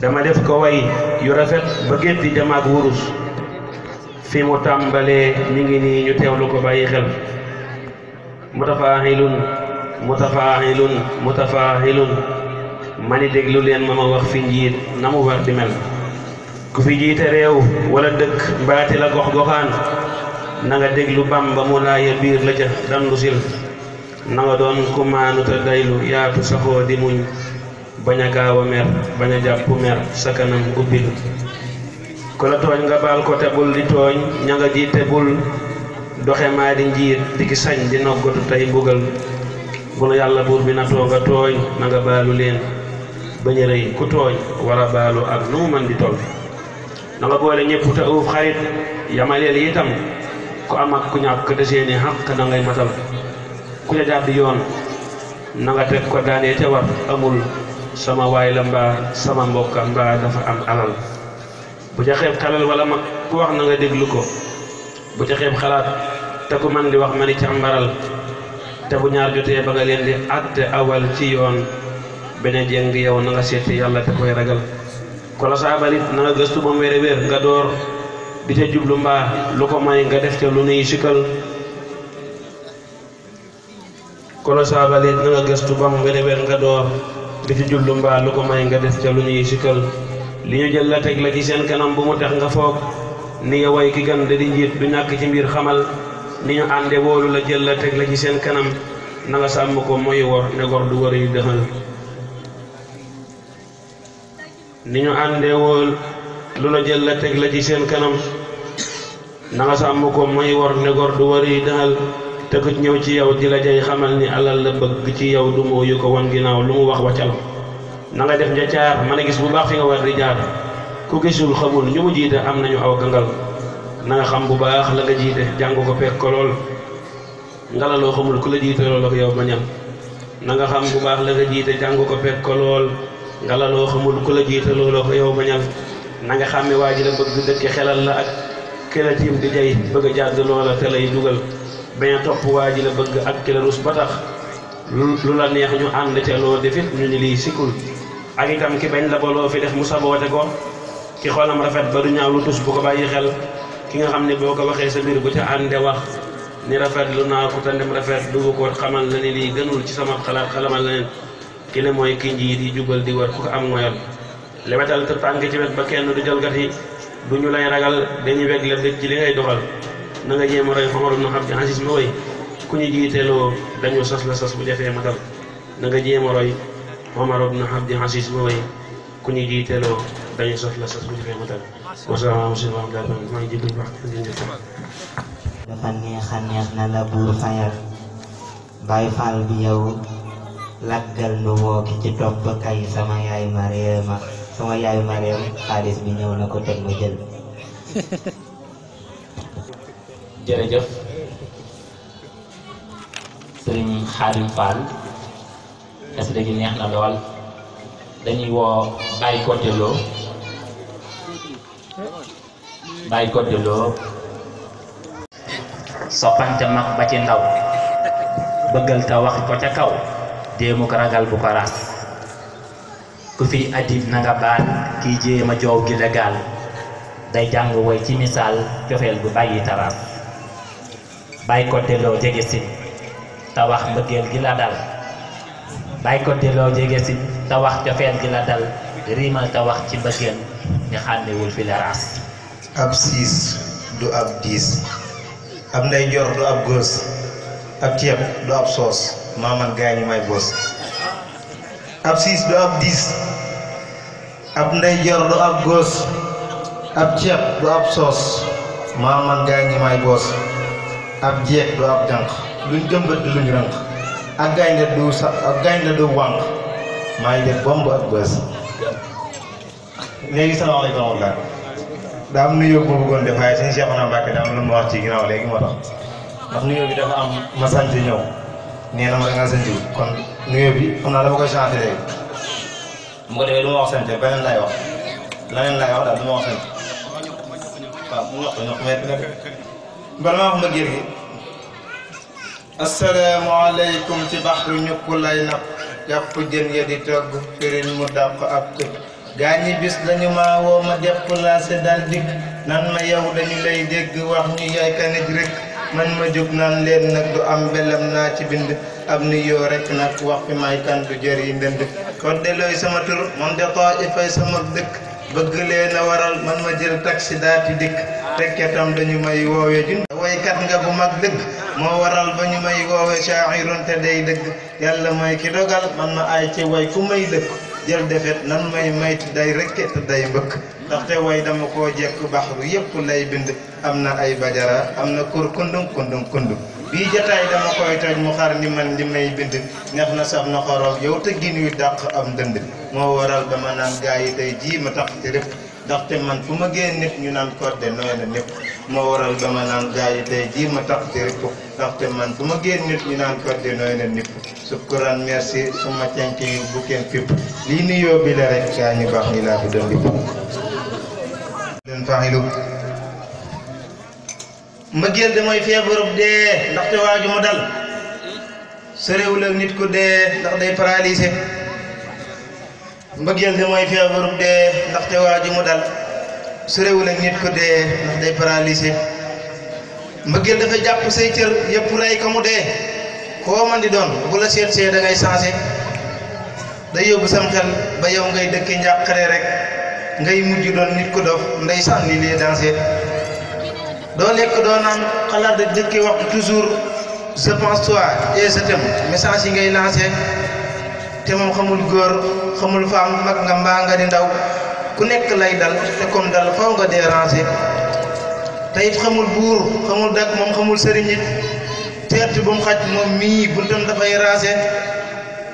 dama def ko way yu rafet ba dama ak wurus fi mu tàmbalee mi ngi ni ñu tewlu ko xel mutafaahilun mutafaahilun mutafaahilun mani déglu leen ma ma wax fi njiit na mu war di mel ku fi jiite réew wala dëkk mbaati la gox-goxaan na nga déglu Bamba mu laaya biir la ca dandu sil na nga doon ku maanu daylu yaatu saxoo di muñ bañ a gaaw mer bañ a jàpp mer sa kanam ubbilu tooñ nga baal ko te bul di tooñ ña nga jiite bul doxe maa di njiit di ki sañ di noggatu tey mbugal bu la yàlla buur bi na tooga tooñ na nga baalu leen bañ ku tooñ war a baalu ak nu mu mën di toll na nga boole ñëpp te uuf xarit yamaleel itam ku am ak ku ñàkk te seeni xàq na ngay matal ku ca jàdd yoon na nga teg ko daanee te war amul sama waay la mbaa sama mbokka mbaa dafa am alal bu ca xeeb xelal wala mag ku wax na nga déglu ko bu ci xeeb xalaat te ku man di wax mani càmbaral te bu ñaar jotee ba nga leen di àtte awal ci yoon beneen di yow na nga seeti yàlla te koy ragal ko la balit na nga gëstu ba mu wér wér nga door di ca jublu mbaa lu ko may nga def ca lu nuy sikkal ko la balit na nga gëstu ba wér nga door di ca jublu mbaa lu ko may nga def ca lu nuy sikkal li ñu jël la teg la ci seen kanam bu mu tax nga foog ni nga way ki gan da di njiit du ñàkk ci mbir xamal ni ñu ànde wóolu la jël la teg la ci seen kanam na nga sàmm mooy wor du war yu ni ñu ànde la jël la teg la ci seen kanam na nga sàmm ko mooy wor ne du war yu dëxal te ku ñëw ci yow di la jay xamal ni alal la bëgg ci yow du yu ko won ginnaaw lu mu wax waccal na nga def njacaar mën a gis bu baax fi nga war di jaar ku gisul xamul ñu mu jiite am nañu aw gangal na nga xam bu baax la nga jiite jàng ko fekk ko lool ngala loo xamul ku la jiite yow ma ñam xam bu baax la nga jiite jàng ko ko lool ngala loo xamul ku la jiite lool ak na nga xam ne waa ji la bëgg dëkk xelal la ak këlatim di jay bëgg a jàdd loola te lay dugal bañ topp waa ji la bëgg ak ki la rus ba tax lu la neex ñu ànd te loo defit ñu ni liy sikkul ak itam ki bañ la boloo fi def mu saboote ko ki xoolam rafet ba du ñaaw lu tus bu ko bàyyi xel ki nga xam ne boo ko waxee sa biir bu ca ànde wax ni rafet lu naa ko tandem rafet du ko xamal la ne lii gënul ci sama xalaat xalamal la ne ki ne mooy ki njiit yi jubal di war ku ko am moyal lewetal te tànk ci wet ba kenn du jalgati du ñu lay ragal dañu weg la dëj ci li ngay doxal na nga jéem a roy xamaru na xam ci ansis ma way ku ñu jiiteeloo dañu sas la sas bu jafee matal na nga jéem a roy xamaru na xam ku ñu jiiteeloo Tanya sos la sos bu ñu koy mutal wasalaamaaleykum wa rahmatulah maa ngi jéggalu wax di leen dafa neex a neex na la laggal sama yaay sama yaay Mariam xaalis bi ñëw na ko teg ma jël. jërëjëf sëriñ Xaadim Fall xasida gi bàyyi ko delloo soppante mag ba ci ndaw bëggal te wax ko ca kaw jéemu ko ragal bu ko raas ku fi adib na nga baal kii jéema joow gi légal day jàng woy ci misaal cofeel bu bàyyi taraas bàyyi ko delloo jege si te wax mbëggeel gi la dal bàyyi ko delloo jege si te wax cofeel gi la dal riimal te ci mbëggeel ni xàmmewul fi la ab siis du ab diis ab nday du ab gos ab ceeb du ab soos maaman gaañu may ab siis du ab diis ab nday jor du soos maaman gaañu may boos ab jeeg du ab jànq luñ jëmbat luñ rànq ak gaynde du sa ak gaynde du wànq maa ngi def bomb ak bës léegi salaamaaleykum wa rahmatulah daa am nuyoo bu ma bëggoon def waaye suñu Cheikhouna Mbacké daa am lu ma wax ci ginnaaw léegi moo tax ndax nuyoo bi dafa am ma sant ñëw nee na ma da ngaa sant kon nuyoo bi xam naa dafa koy changé léegi bu ko defee du ma wax sant beneen laay wax leneen laay wax daal du ma wax sant waaw mu wax ko ñox mais dina bal maa wax ma gër gi asalaamaaleykum ci baxru ñukku lay nag yàpp jën ya di togg firil mu dàq ak tëb gaañi bis dañu maa woo ma déplacé dal dikk nan ma yow dañu lay dégg wax ñu yaay kanit rek man ma jóg naan leen nag du am belam naa ci bind ab ni yoo rek nag wax fi may kan du jër yi ndënd kodde looy sama tur moom de too i fay sama dëkk bëgg leen a waral man ma jël taxi daati dikk rekketam dañu may woowe jun waykat nga bu mag dëgg moo waral ba ñu may woowe shaa'irun te day dëgg yàlla mooy ki dogal man ma ay ci way ku may dëkk jël defet nan may maytu day rekke te day mbëkk ndaxte way dama koo jekk baxru yépp lay bind am na ay bajara am na kur kundum kundum kundum bii jataay dama koy toj mu xar ni man li may bind neex na saf na xorom yow te gin yu dàq am dënd moo waral dama naan gaa yi tey jii ma tax ci rëpp ndaxte man fu ma génn nit ñu naan Codé nooy na ñëpp moo waral ba ma naan gars tey jii ma tax di rëpp ndaxte man fu ma génn nit ñu naan Codé nooy na ñëpp sukkuraan merci suma cànk yi bu kenn fépp lii nuyoo bi la rek gaa ñu baax ñi laa fi doon di bokk. leen faxilu mbëggeel de mooy feebarub dee ndaxte waaju mu dal soriwul ak nit ko dee ndax day paralise mbëggeel gi mooy feebaru dee ndaxte waa mu dal su réewul ak nit ku dee ndax day paralysé mbëggeel dafa jàpp say cër yëpp rey ka mu dee koo man di doon bu la seet see da ngay sensé day yóbbu sam xel ba yow ngay dëkk njàqare rek ngay mujj doon nit ko dof nday sànni lee doo lekk doo naan xalaat da dëkki wax toujours je pense toi et je t'aime yi ngay lancé te moom xamul góor xamul faam mag nga mbaa nga ndaw ku nekk lay dal te comme dal faw nga déranger te it xamul buur xamul dag moom xamul sëriñ it teert bu xaj moom mii buntam dafay raase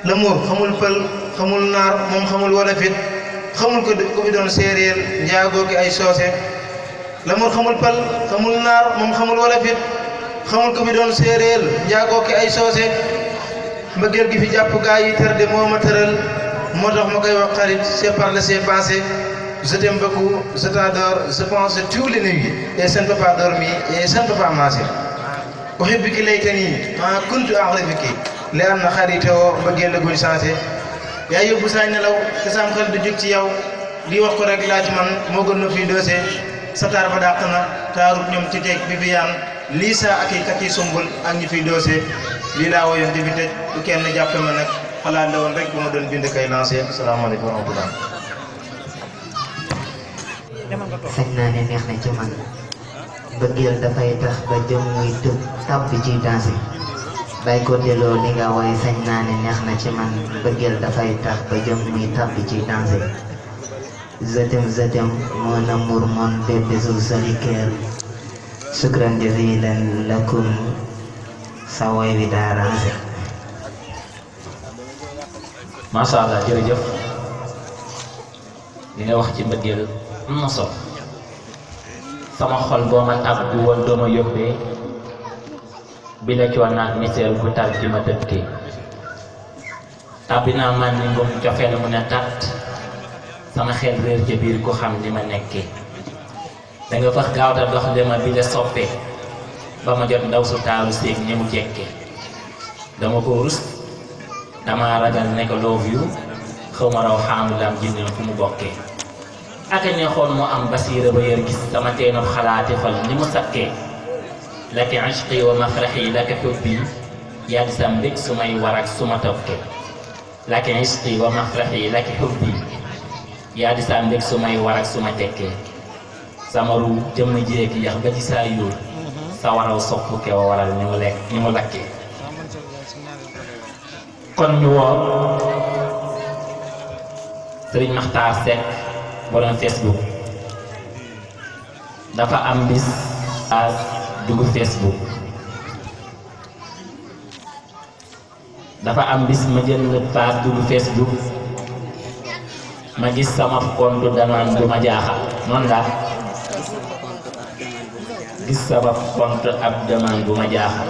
la muur xamul pël xamul naar moom xamul wolof xamul ko ko doon séeréer njaagoo ki ay soose la muur xamul pël xamul naar moom xamul wolof xamul ko fi doon séeréer njaagoo ki ay soose mbëggeel gi fi jàpp gaa yi tër de moo ma tëral moo tax ma koy wax xarit c'est par laisser passer je t'aime beaucoup je t'adore je pense tous les nuits et je ne peux pas dormir et je ne peux pas manger uhibbuki maa kuntu a'rifiki li am na xaritoo mbëggeel la guñ changé yaa yóbbu saa nelaw te sam xel du jóg ci yow di wax ko rek laaj man moo gën na fii doose sa taar ba dàq na taarut ñoom ci teeg bi fi yaan lii saa ak i kat yi sumbul ak ñu fiy doose lii laa wayoon di fi tëj bu kenn jàppe ma nag xalaat la woon rek bu ma doon bind kay lancé asalaamaaleykum wa rahmatulah. xam naa ne neex na ci man bëggeel dafay tax ba jëm muy tëb tàbb ci dansé bay ko delloo na ci man bëggeel dafay tax ba jëm muy tàbb ci dansé. sawoy bi daa rangé macha allah jërëjëf li nga wax ci sama xol boo ma tàggu woon doo ma yóbbee bi la coono ak misère bu tar bi ma man ni ngum mu ne sama xel réer ca biir ku xam li ma nekkee dox bi la ba ma jot ndaw su taaru séeg ñëw jekke dama ko rus dama ragal ne ko loof yu xaw ma raw xaanu lam jinne fu mu bokkee aka neexoon mu am basiira ba yar gis sama teenub xalaati xol ni mu sakkee laka ashqi wa mafraxi laka hubbi yaa di sa mbég su may war ak su ma tokkee laka ashqi wa mafraxi laka hubbi yaa di sa mbég su may war ak su ma tekkee sama ru jëmm jéegi yax ba ci saa yóor sawaraw sokku ke waral ñu mu lekk ñu mu lakke kon ñu wo sëriñ maxtaar sekk borom facebook dafa am bis a dugg facebook dafa am bis ma jënd paas dugg facebook ma gis sama compte danaan du ma jaaxal non daal di sabab contre ab demande bu ma jaaxal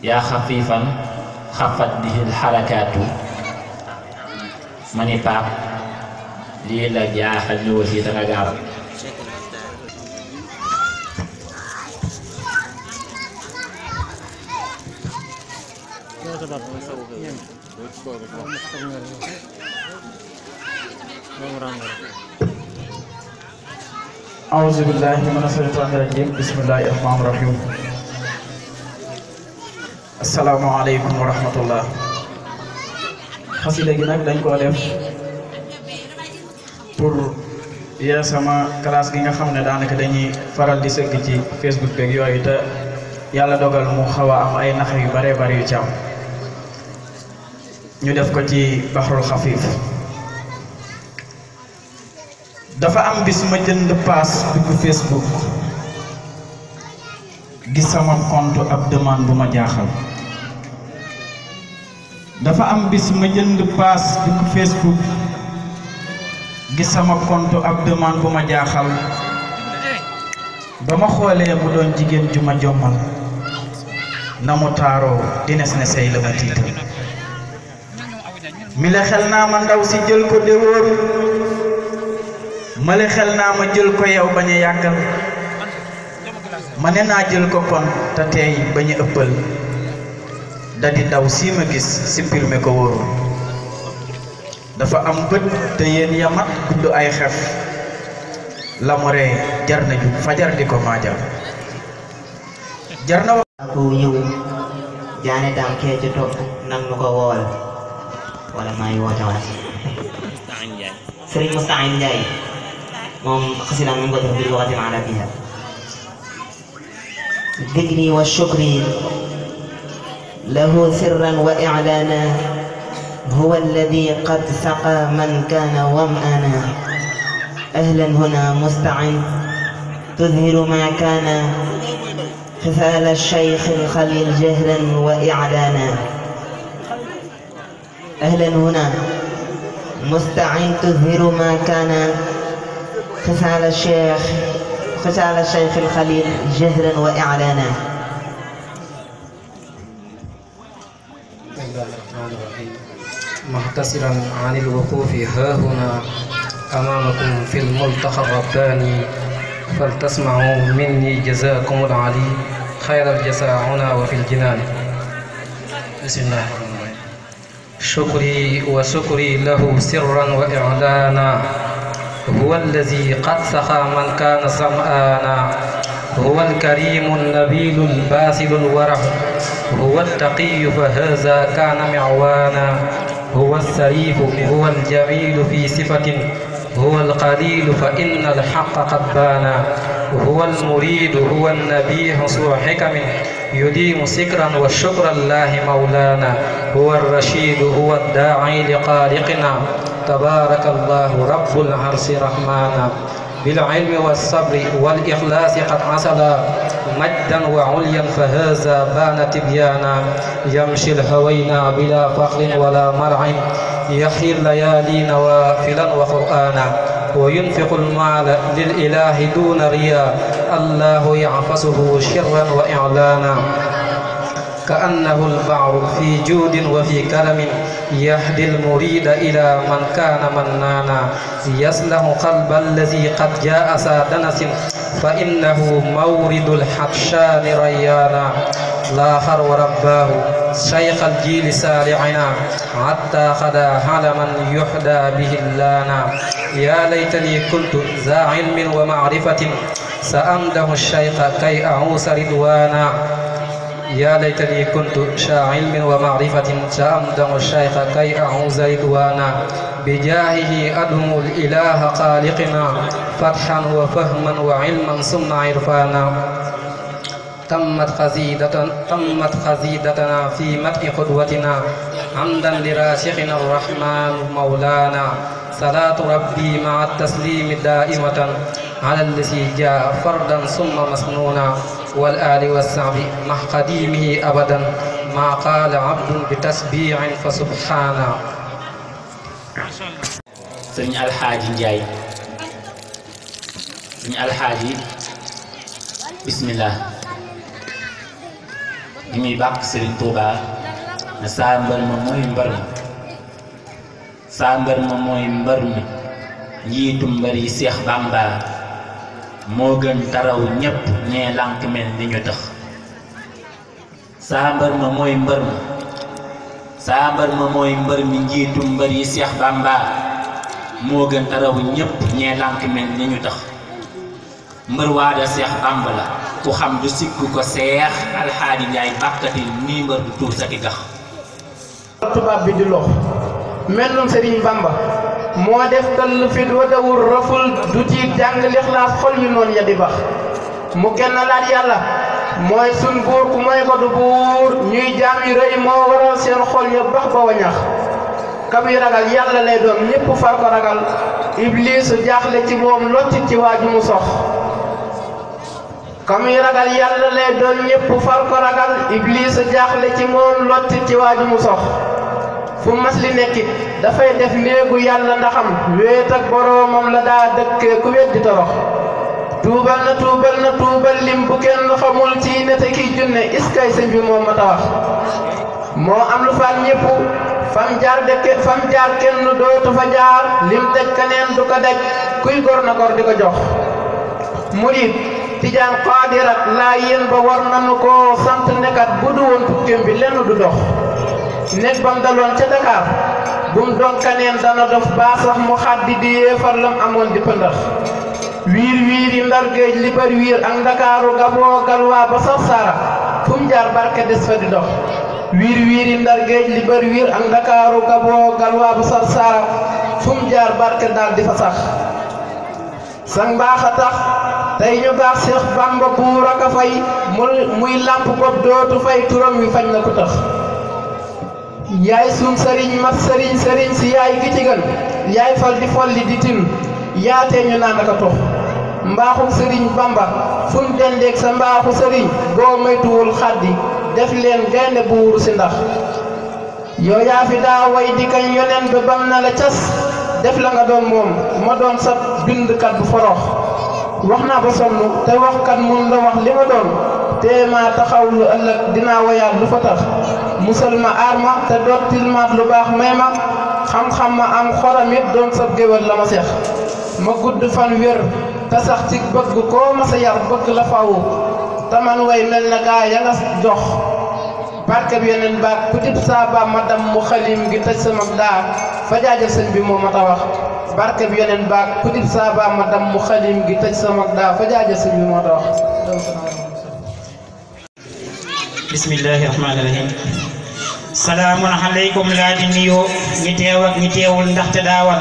yaa xafiifan xafat bihil xarakaatu ma ni paap lii la jaaxal ñu wasi danga gaaw Thank you. أعوذ بالله من الشيطان الرجيم بسم الله الرحمن الرحيم السلام عليكم ورحمة الله xasida gi nag dañ koo def pour yee sama classe gi nga xam ne daanaka dañuy faral di sëgg ci Facebook beeg yooyu te yàlla dogal mu xaw am ay nax yu bare bare yu ci am ñu def ko ci baxrul xafiif dafa am bis ma jënd bi ko Facebook gis sama compte ab demande jahal. jaaxal dafa am bis ma jënd bi ko Facebook gis sama compte ab demande buma ma jaaxal bama xolé mu doon jigen juma jomal jommal taro dines ne sey la mandau mi la si jël ko de ma xel naa ma jël ko yow bañ a yàggal ma ne naa jël ko kon te tey bañ ëppal da ndaw sii ma gis supprimé ko wóorul dafa am bët te yéen yamat gudd ay xef la mu ree jar na ju fajar di ko maajal jar na wax ko ñëw jaane daam kee topp nang nu ko wool wala may woote منقسما من قدر بلغة على فيها ذكري والشكر له سرا وإعلانا هو الذي قد سقى من كان ومأنا أهلا هنا مستعن تظهر ما كان خفال الشيخ الخليل جهلا وإعلانا أهلا هنا مستعن تظهر ما كان قس على الشيخ قس على الشيخ الخليل جهرا وإعلانا محتصرا عن الوقوف ها هنا أمامكم في الملتقى الرباني فلتسمعوا مني جزاكم العلي خير الجزاء هنا وفي الجنان بسم الله الرحمن الرحيم شكري وشكري له سرا وإعلانا هو الذي قد سخى من كان سمآنا هو الكريم النبيل الباسل الورع هو التقي فهذا كان معوانا هو السريف هو الجميل في صفة هو القليل فإن الحق قد بانا هو المريد هو النبي سوى حكم يديم سكرا وشكر الله مولانا هو الرشيد هو الداعي لقارقنا تبارك الله رب العرش رحمانا بالعلم والصبر والإخلاص قد حصل مجدا وعليا فهذا بان تبيانا يمشي الهوينا بلا فخر ولا مرع يحيي الليالي نوافلا وقرآنا وينفق المال للإله دون رياء الله يعفسه شرا وإعلانا كأنه البعر في جود وفي كرم يهدي المريد إلى من كان منانا يسلم قلب الذي قد جاء سادنس فإنه مورد الحبشان ريانا لاخر ورباه شيخ الجيل سارعنا حتى خدا حلما يحدى به اللانا يا ليتني كنت ذا علم ومعرفة سأمده الشيخ كي أعوس رضوانا يا ليتني كنت شا علم ومعرفة سأمدم الشيخ كي أعوز إدوانا بجاهه أدم الإله خالقنا فتحا وفهما وعلما ثم عرفانا تمت خزيدة تمت خزيدتنا في مدح قدوتنا حمدا لراشقنا الرحمن مولانا صلاة ربي مع التسليم دائمة على الذي جاء فردا ثم مسنونا والآل والسعب مع قديمه أبدا ما قال عبد بتسبيع فسبحانا سني الحاج جاي سني الحاج بسم الله جمي باق سرين توبا نسامبر ممو يمبر سامبر ممو يمبر يي تمبر يسيخ بامبار mo gën taraw ñepp ñe lank mel ni ñu tax sa mbër ma moy mbër sa saa ma moy mbër mi jitu mbër yi cheikh bamba mo gën taraw ñepp ñe lank mel ni ñu dëx mbër waada cheikh bamba la ku xam du sikku ko al hadi njaay bakati ni mbër du tuur sa ki bi di lox mel noonu sëriñ moo def këll fit wa dawul du tiit jàng lixlaas xol yu noon ya di bax mu kenn laat yàlla mooy sun buur ku mooy ko buur ñuy jaam yu rëy moo waral seen xol ya bax ba wañax kamuy ragal yàlla lay doon ñépp far ko ragal ibliisu jaaxle ci moom lottit ci waaju mu sox kamuy ragal yàlla doon ñépp far ko ragal ibliisu jaaxle ci moom lottit ci waaju mu sox fu mas li nekkit dafay def néegu yàlla ndaxam wéet boroomam la daa dëkkee ku weddi torox tuubal na tuubal na tuubal lim bu kenn xamul ci nete kiy junne iskay sëñ bi moom ma tawax moo am lu faat ñépp fam jaar dëkke fam jaar kenn dootu fa jaar lim daj keneen du ko daj kuy gor na gor di ko jox murid tijaan qaadirat laa yéen ba war nanu koo sant nekkat bu du woon tukkim bi lenn du dox nekk bam daloon ca Dakar bum donkaneen dana dof baa sax mu xaddi di yéefar amoon di pëndax wiir wiir yi ndar géej li wiir ak ndakaaru gaboo galwaa ba sax saara fu mu jaar barke des fa di dox fa sax sang baax a tax tey ñu baax Seex Bàmba buur ak a fay muy làmp bopp dootu fay turam wi fañ na ko tax yaay sun sëriñ mat sëriñ sëriñ si yaay ki ci gën yaay fal di folli di tin yaatee ñu naan aka tox mbaaxum sëriñ bamba fun dendeeg sa mbaaxu sëriñ boo moytuwul xaddi def leen gaynde bu wuru si ndax yow daa way di kañ yoneen ba bam na la cas def la nga doon moom ma doon sa bindkat forox wax naa ba sonn te waxkat mun la wax li ma doon tee ma taxaw lu ëllëg dinaa woyaat lu fa tax musal ma aar ma te dottil ma lu baax may ma xam-xam ma am xoram it doon sab géwél la ma seex ma gudd fan wér te sax ci bëgg koo ma sa yar bëgg la fawu te man way mel na gaa ya nga jox barke bi yeneen baat ku jib saaba ma dam mu xalim gi tëj sama daa fa jaajëf sëñ bi moo ma ta wax barke bi yeneen baat ku jib saaba ma dam mu xalim gi tëj sama daa fa jaajëf sëñ bi moo ta wax bismillahi rahmaani rahim salaamun aleykum laa di nuyoo ñi teew ak teewul ndaxte daa war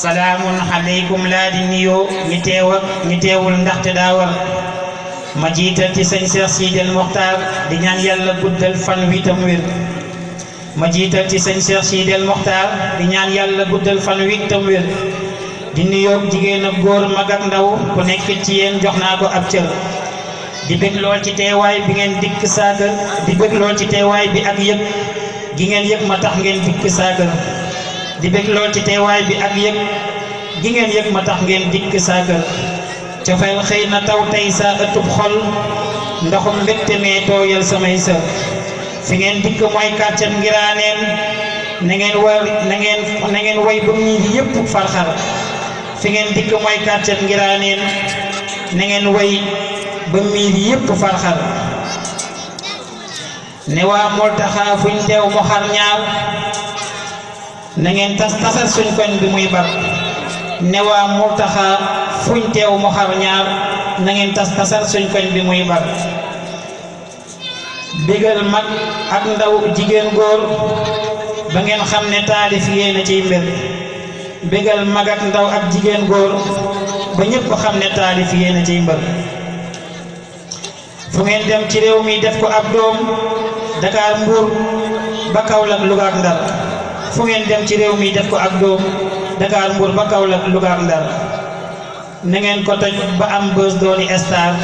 salaamun aleykum laa di nuyoo ñi teew ak teewul ndaxte daa war ma jiital ci sëñ Cheikh Sidel Mokhtar di ñaan yàlla guddal fan wi jiital ci sëñ Cheikh Sidel Mokhtar di ñaan yàlla guddal fan wi jigéen ak góor mag ak ku nekk ci yéen jox naa ko ab cër di bëgg lool ci teewaay bi ngeen dikk saaga di bëgg lool ci teewaay bi ak yëg gi ngeen yëg ma tax ngeen dikk saaka di bëgg ci teewaay bi ak yëg gi ngeen yëg ma tax ngeen dikk saaga cofeel xëy na taw tey sa ëttub xol ndoxum mbégte mee tooyal samay sa fi ngeen dikk mooy kàccam ngiraaneen na ngeen war na ngeen na ngeen way ba ñi yëpp farxar fi ngeen dikk mooy kàccam ngiraaneen na ngeen ba miir yépp farxal ne waa Moltaxa fuñ teew mu xar ñaar na ngeen tas tasal suñ koñ bi muy bar ne waa Moltaxa fuñ teew mu xar ñaar na ngeen tas tasal suñ koñ bi muy bar bégal mag ak ndaw jigéen góor ba ngeen xam ne taalif yéen a ciy mbir bégal mag ak ndaw ak jigéen góor ba ñëpp xam ne taalif yéen a ciy mbir fu ngeen dem ci réew mii def ko ab doom Dakar Mbuur ba Kaolack Louga ak ci réew mi def ko ab doom Dakar Mbuur ba kaw Louga ak Ndar na ngeen ko toj ba am bës dooni star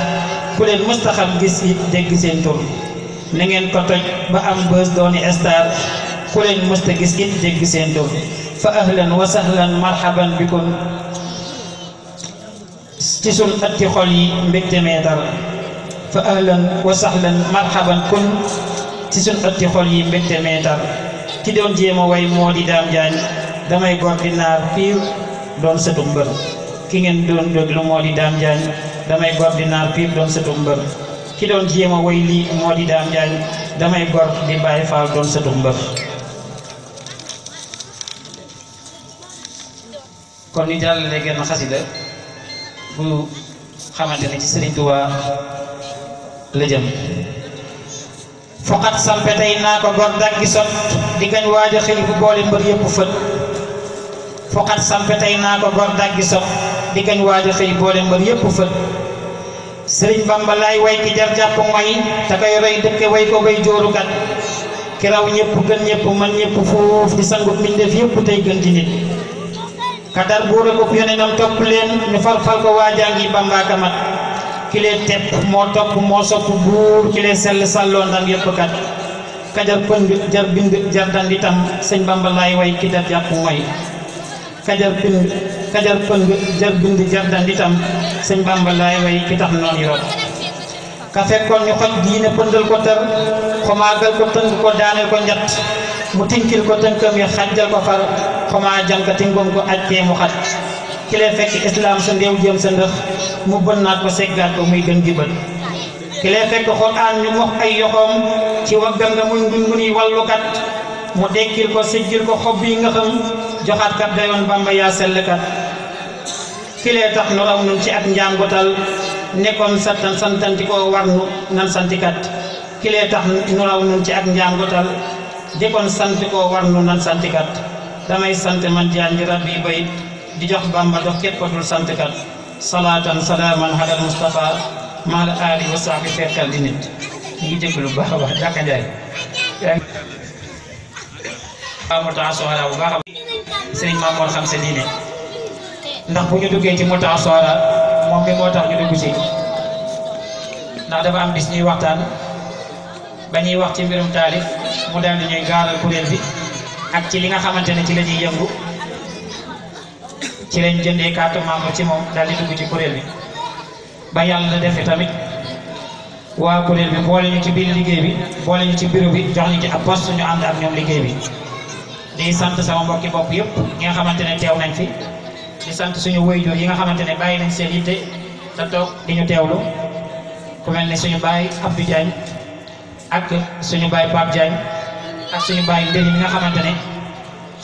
ku leen mësta gis it dégg seen tur na ngeen ko toj ba am bës dooni star ku leen mësta gis it dégg seen tur fa ahlan wa sahlan marhaban bikum ci sun ëtti xol yi mbégte mee dara fa ahlan wa sahlan marhaban kun. ci sun otti xol yi mbégte metar ki don jema way modi dam daam damay gor di naar piir doon sëtu mbër ki ngeen don déglu lu modi dam jaañ damay gor di naar piir doon sëtu mbër ki don jema way li modi dam daam damay gor di baye faal don sëtu mbër kon ñu jàllale genn xasida bu xamante ci serigne touba la fokat faqat sampetay naa ko gor dag gi sot di gañ waaja xëy bu boole mbër yëpp fët faqat sampetay naa ko gor dag sot di gañ waaja xëy boole mbër bamba lay way ki jar japp mooy te koy roy dëkke way ko bay joru kat kiraw ñepp gën ñepp man ñepp foof di sangu mbindeef yëpp tay gën di nit kadar buura ko yonenam top leen ñu fal ko wajangi bamba kamat ki lee tepp moo topp moo sopp buur ki lee sell sàlloon dam yëpp kat ka jar pëng jar bind jar dand itam sëñ way ki tax noon yi rot ka ñu xoj diine pëndal ko tër xomaagal ko tënk ko daaneel ko njatt mu tinkil ko tënkam yi xajjal ko far xomaa jànka tingom ko ajkee mu xat ci fekk islam sa ndeew jëm sa ndëx mu bon naat ko seggaat ko muy gën jibal ki lay fekk xuraan ñu wax ay yoxoom ci waggam nga muy ndundunuy wallukat mu dekkil ko sëjjil ko xob yi nga xam joxaat kat dayoon bamba yaa sellkat ki lay tax nu nun ci ak njàngotal nekkoon santan santanti koo war nu nan santikat ki tax nu nun ci ak njàngotal di kon sant koo war nu nan santikat damay sant man jaan ji rabbi bayit di jox Bamba dox képp ko dul sant kat salaatan salaaman alal Mustafa maal ali wa sahbi fekkal di nit ngi jégg lu baax a baax jàkka njaay waaw mu tax bu baax a sëriñ maam xam sa diine ndax bu ñu duggé ci mu tax mom bi moo ñu dugg ci ndax dafa am bis ñuy waxtaan ba ñuy wax ci mbirum talif mu dal di ñuy ku len fi ak ci li nga xamantene ci lañuy yëngu ci lañ jënde carte ci moom daal di dugg ci kuréel bi ba yàlla defe tamit waa kuréel bi boole ñu ci biir liggéey bi boole ñu ci bureau bi jox ñu ci ab poste ñu ànd ak ñoom liggéey bi di sant sama mbokki bopp yëpp ñi nga xamante ne teew nañ fi di sant suñu waajur yi nga xamante ne bàyyi nañ seen yitte te toog di ñu teewlu ku mel ni suñu baay Abdou Diagne ak suñu baay Pape jañ ak suñu baay Ndéli mi nga xamante ne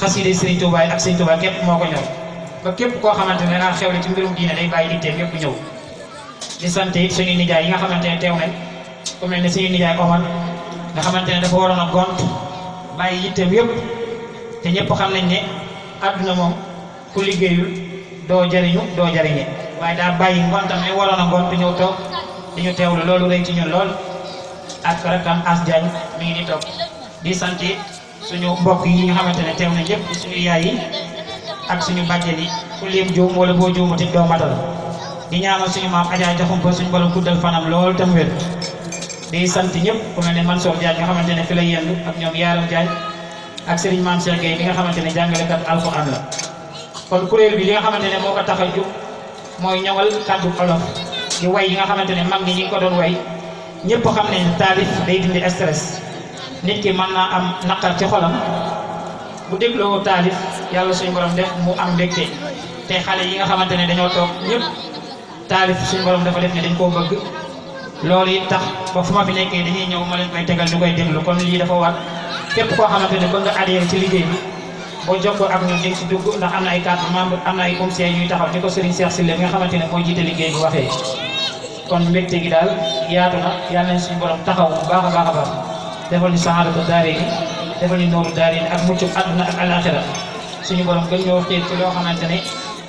xasida Sëriñ Tuubaa ak Sëriñ Tuubaa képp moo ko ñor ba képp koo xamante ne naan xewle ci mbirum diine day bàyyi itteem yëpp ñëw di sant it suñu nijaay yi nga xamante ne teew nañ ku mel ne suñu nijaay Omar nga xamante ne dafa waroon a gont bàyyi itteem yëpp te ñëpp xam nañ ne àdduna moom ku liggéeyu doo jariñu doo jariñe waaye daa bàyyi ngontam ne waroon a gont ñëw toog di ñu loolu rëy ci ñun lool ak rakkam As mi ngi ni toog di sant suñu mbokk yi nga xamante ne teew nañ yëpp suñu yaay yi. ak suñu bàjjel yi ku lim juum wala boo juumati doo matal di ñaanal suñu maam Adja Diakhoumpa suñu borom guddal fanam lool tam wér di sant ñëpp ku mel ne Mansour nga xamante ne fi la yendu ak ñoom Yaaram Diagne ak Serigne Mame man Gueye bi nga xamante ne jàngalekat alxuraan la kon kuréel bi li nga xamante ne moo ko tax a jug mooy ñoŋal kàddu olof di way yi nga xamante ne mag ñi ñu ko doon way ñëpp xam ne taalif day dindi stress nit ki mën naa a yàlla suñu borom def mu am mbégte te xale yi nga xamante ne dañoo toog ñëpp taalif suñu borom dafa def ne dañ koo bëgg loolu it tax ba fu ma fi nekkee dañuy ñëw ma leen koy tegal ñu koy déglu kon lii dafa war képp koo xamante ne bëgg nga ci bi boo jokkoo ak ñun dañ si dugg ndax am na ay quatre membre am na ay conseillers ñuy taxaw ni ko Serigne Cheikh Sylla nga xamante ne moo jiite liggéey bi waxee kon mbégte gi daal yaatu na yal nañ suñu borom taxaw bu baax a baax a baax defal ñu saxaaratu daare yi defal ñu nooru daare yi ak mucc àdduna ak alaxira suñu borom gën ñoo xiir ci loo xamante ne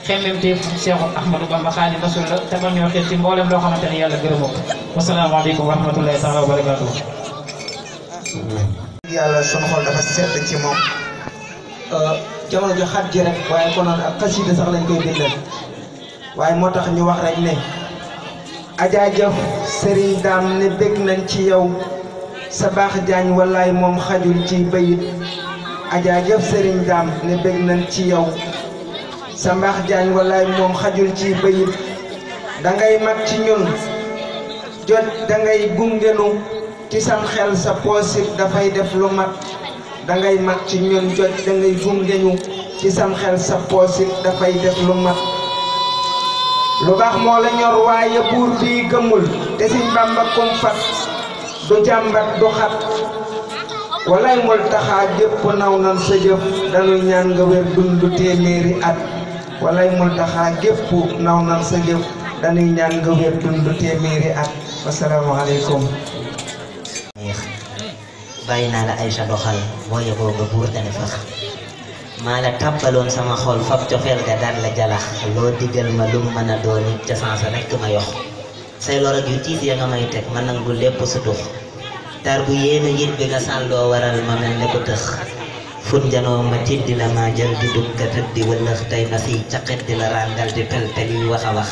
xemmem téef Seexu Ahmadu Bamba Xaadimu Rasuul la te mën ñoo xiir ci mboolem loo xamante ne yàlla gërëmoo ko wasalaamaaleykum wa rahmatullahi yàlla sunu xol dafa sedd ci moom euh, jamono ju xat ji rek waaye sax lañ waaye moo tax ñu wax rek ne ajaajëf sëriñ daam ne bég nañ ci yow sa baax jaañ wallaay moom xajul ci bayit Adja jëf Serigne Dame ne bég nañ ci yow sa mbaax jaañ walaay moom xajul ci bayit dangay mag ci ñun jot dangay gungenu ci sam xel sa poosit dafay def lu dangay mag ci ñun jot dangay gungenu ci sam xel sa poosit dafay def lu mat moo la ñor waaye buur bii gëmul te Sëñ Bàmba kum fat du jàmbat du xat walaay mol taxaa jëpp naw nan sa jëf dañuy ñaan nga wér dundu téeméeri at walaay mol taxaa jëpp naw nan sa jëf dañuy ñaan nga wér dundu téeméeri at wasalaamaaleykum bàyyi naa la Aïcha doxal boo yeboo nga buur dana fax maa la tàbbaloon sama xol fab cofeel ga daan la jalax loo diggal ma lum mën a doon it ca sansa rekk ma yox say lorog yu tiis ya nga may teg ma nangu lépp su tar bu yéena yirɓe ga salloo waral ma mel ne ko fun jano ma tiddi la ma jël di ka tiddi wala tey na fi caqet di la rangal di tel yi waxa wax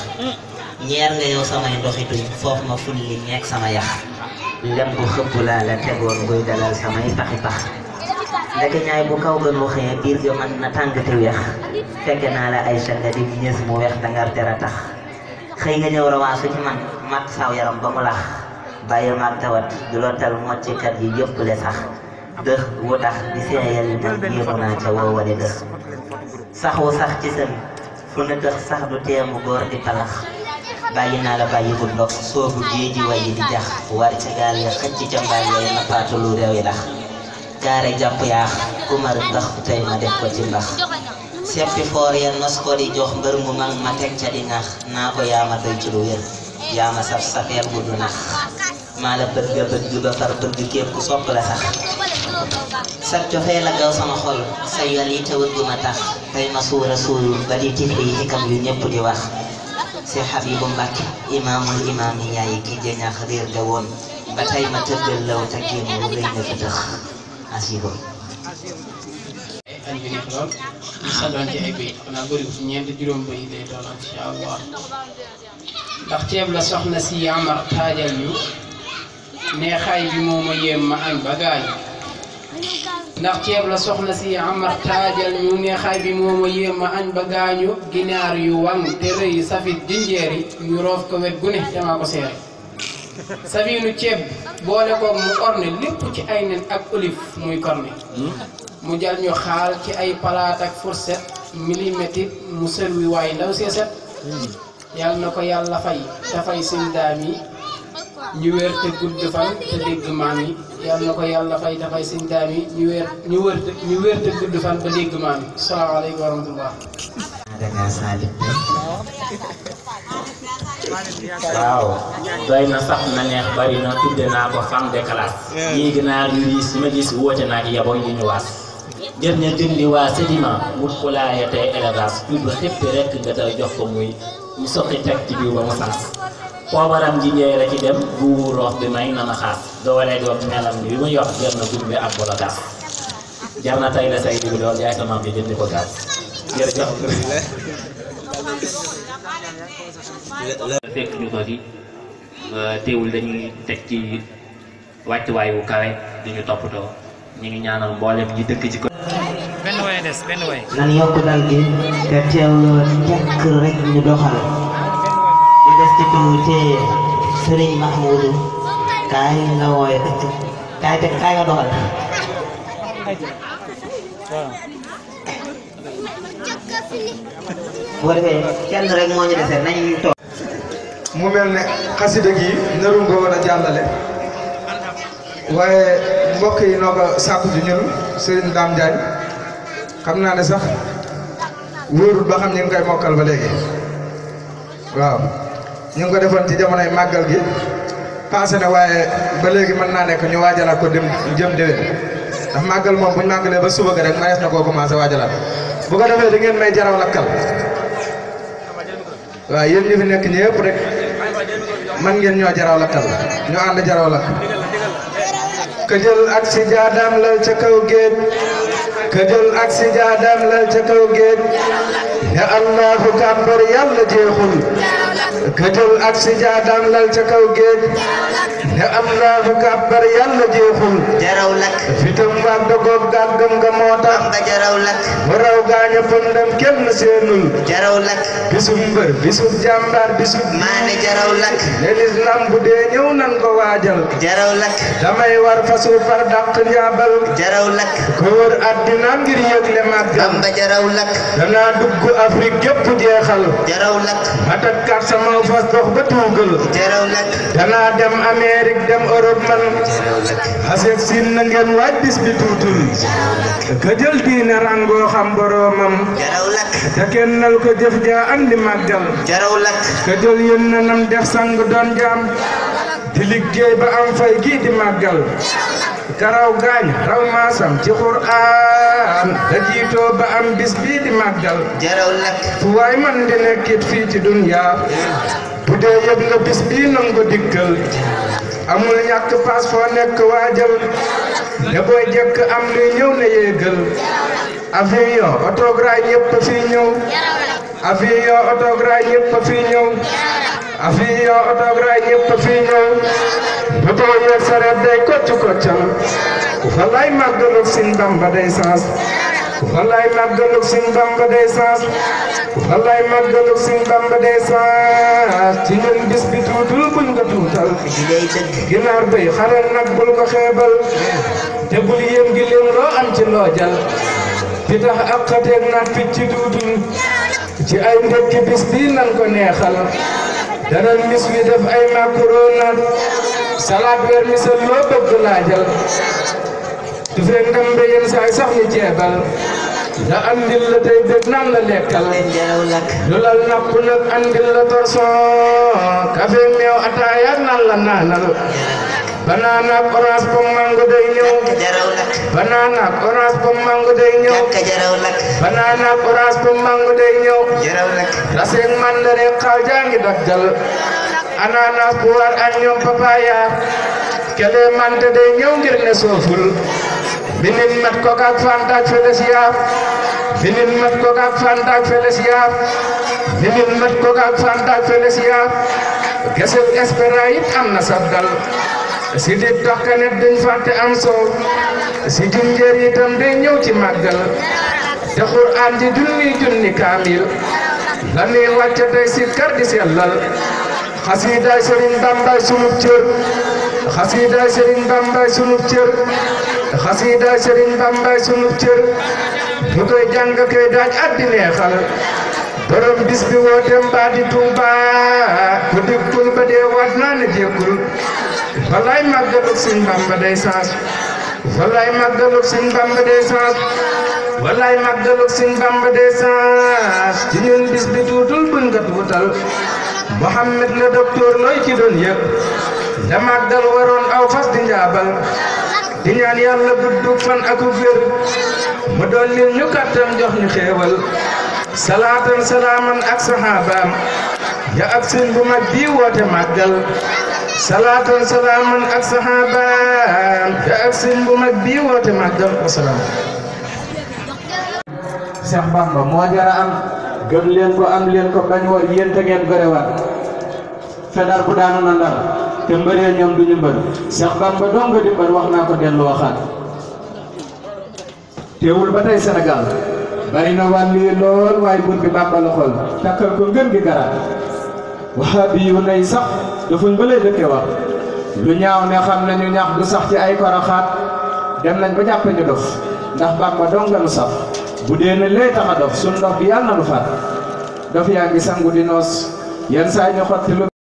ñeer nga yow samay ndoxituñ fof ma fulli nek sama yah lem bu xëpp la la tegoon goy dalal samay taxi tax ndeke ñay bu kaw gën waxe bir ga man na tang te wex fekk na la ay sa ngadi ñes mu da nga dara tax xey nga rawa su ci man mat saw yaram ba mu lax bayo mag tawat dulon tal mocce kat yi yop le sax dëx wu tax di seeyal nag yéemu naa ca woowale dëx saxu sax ci sen fu ne dëx sax du teemu gor di palah Bayi naa la bàyyi bu ndox soobu géeji wayi di jax war ca gal ya xëcc ca mbaal yooyu na paatu lu réew yi lax gaare jàpp ya kumar ndax tey ma def ko ci seppi for ya nos ko di jox mbër mu mag ma tek ca di nax naa ko ma doy ci lu ya yaa ya, ma saf safeer bu ya, du nax maa la bëgg a bëgg ba far bëgg képp ku sopp la sax sag cofee la gaw sama sa yoon yi te wëgguma tax tey ma suura suuru ba di tifli yi xikam yu ñëpp di wax si Habibu Mbàkke imaamul imaam yi yaay ki jëñax réer ga woon ba tey ma tëggal law te génn wu rëy na fi tax asibam andi ay béy xanaa bëri wu نخاي مومو يم ان باغاي نختيب لا سخنا عمر تاجل ني نخاي مومو يم ان باغانيو غينار يو تري سافي دينجيري ني روف كو تما كو سير سافي نو تيب بوله كو مو اورني ليپ تي اينن اك اوليف موي مسلوي واي ndaw سيسات يال نكو يالا فاي دا ñu wér te gudd fan te dégg maam yi ko yàlla fay te fay sëñ ñu wér ñu wér ñu wér gudd fan ba dégg maam yi salaamaaleykum wa rahmatullah waaw doy na sax na neex bari na tudde naa ko femme de classe ñii ginaar yu riis ma gis woote ñu waas wut rek nga jox ko muy ci poobaram ji njeey la ci dem guubu roox bi may nana xaar doole doog melam bi bi mu yox jar na guub bi ab la gas jar na tay la say bi lool yaay sama ko gas jërëjëf fekk ko ci teewul dañuy teg ci wàccuwaayu kawe di ñu toppatoo ñu ngi ñaanal mboolem ñi dëkk ci ko benn yokk dal gi te teewloo jekk rek ñu doxal mu mel ne xasida gi narum ko war a jàllale waaye mbokk yi noo ko sàkku ji ñun Serigne Dame Ndiaye xam naa ne sax wóorul ba xam ñu ngi mokkal ba léegi waaw. ñu ngi ko defoon ci jamonoy màggal gi passé na waaye ba léegi mën naa nekk ñu waajalaat ko dem jëm déwén ndax màggal moom bu ñu màggalee ba suba ga rek mayees na koo commencé waajalaat bu ko defee di ngeen may jaraw lakkal waaw yéen ñi fi nekk yëpp rek man ngeen ñoo jaraw lakkal ñoo ànd jaraw lakk ka jël ak si jaadaam lal ca kaw géej ka jël jaadaam lal ca kaw géej ya allahu kàbbar yàlla jeexul gëtëm ak si jaadam lal ca kaw géej ne am laahu kàbbar yàlla jeexul jaraw lakk fitam waag dogoog gàggam nga moo tax nga jaraw mu raw gaaña fondam kenn seenul jaraw lakk bisub mbër bisub jàmbaar bisub maane jaraw lakk ne bu dee ñëw nan ko waajal jaraw lakk damay war fasu far dàq njaabal jaraw lakk ko wër ngir yëgle màggal am nga jaraw lakk danaa dugg gépp jeexal ma takkaat sama ñëw fas dox ba tuugal dem Amérique dem Europe man siin na ngeen bi tuutul ka jël rangoo xam boroomam te kennal ko def jaa andi màggal ka jël yén na nam doon jaam di liggéey ba am fay gii di màggal karaw gaañ raw maasam ci quraan da jiitoo ba am bis bii di màggal fu waay man di nekkit fii ci dunyaa bu dee yëg nga bis bii nangu dikkal amul ñàkk paas foo nekk waajal ne booy jekk am luy ñëw ne yéegal avion otoog raay ñëpp a ñëw afiya odogra ñepp fi ñew moto yeeg sareet day kocc koccal ku fa lay màggalug sin bamba day saas ku fa lay màggalug sin bamba day saas ku fa lay màggalug sin bamba day saas ci ñun bis bi tuutul buñ nga tuutal ginaar bay xaral te ay ndekki bis bii nan ko neexal dana mis mi def ay macaroni salade vermicelle loo bëgg laa jël du fekk ndambe saay sax ñu jeebal la andil la tey bég naan la lekkal lu la napp nag andil la torson café meew ataaya naan la naanal banana ak orange pomme mango day ñëw. jàkka jaraw lakk. banana ngi daf jàll. ananas puwaar ak ñoom papaya. kele mante ngir ne sooful. binin mat coca ak fanta feles yaaf. binin mat coca ak fanta feles yaaf. gesel espérant am na sabdal sidi tokkanet duñ fàtte am soow sidi njër itam day ñëw ci màggal te ya quraan di junni junni kamil la nuy wàcce day si kar di sellal xasiidaay sëriñ bàmbaay sunub cër xasiidaay sëriñ bàmbaay sunub cër xasiidaay sëriñ bàmbaay sunub cër ñu koy jàng koy daaj addi neexal borom bis bi woote mbaa di tuubaa ku dikkul ba de waat na ne jékkul wallaay màggalug sëñ Bamba day saas wallaay màggalug sëñ Bamba day saas wallaay màggalug sëñ Bamba day saas nga tuutal Mouhamed la docteur looy ci doon da màggal waroon aw fas di njaabal di ñaan yàlla guddug fan ak mu doon lil ñu kàttan jox ñu salatan salaman ak sahabam ya ak seen bu mag bii woote màggal salaatan salaaman ak sahabam ya ak seen bu mag bii woote màggal wasalaam Seex Bamba mo jara am gëm len ko am len ko bañ wo yéen te ngeen wat fedar bu daanu na ndar te mbeere ñom duñu mbër Seex Bamba nga di mbër wax na ko delu waxat teewul batay senegal bari na wàlli lool waaye buur bi bàmbal la takkal ko ngën gi garab wahabi yu nay sax dafuñ ba lay dëkke wax lu ñaaw ne xam nañu ñax du sax ci ay koroxaat dem nañ ba jàppe ñu dof ndax bàmba dong nu saf bu dee ne lee tax a dof suñ dof bi yàlla na lu fat dof yaa ngi sangu di noos yenn saa ñu xotti lu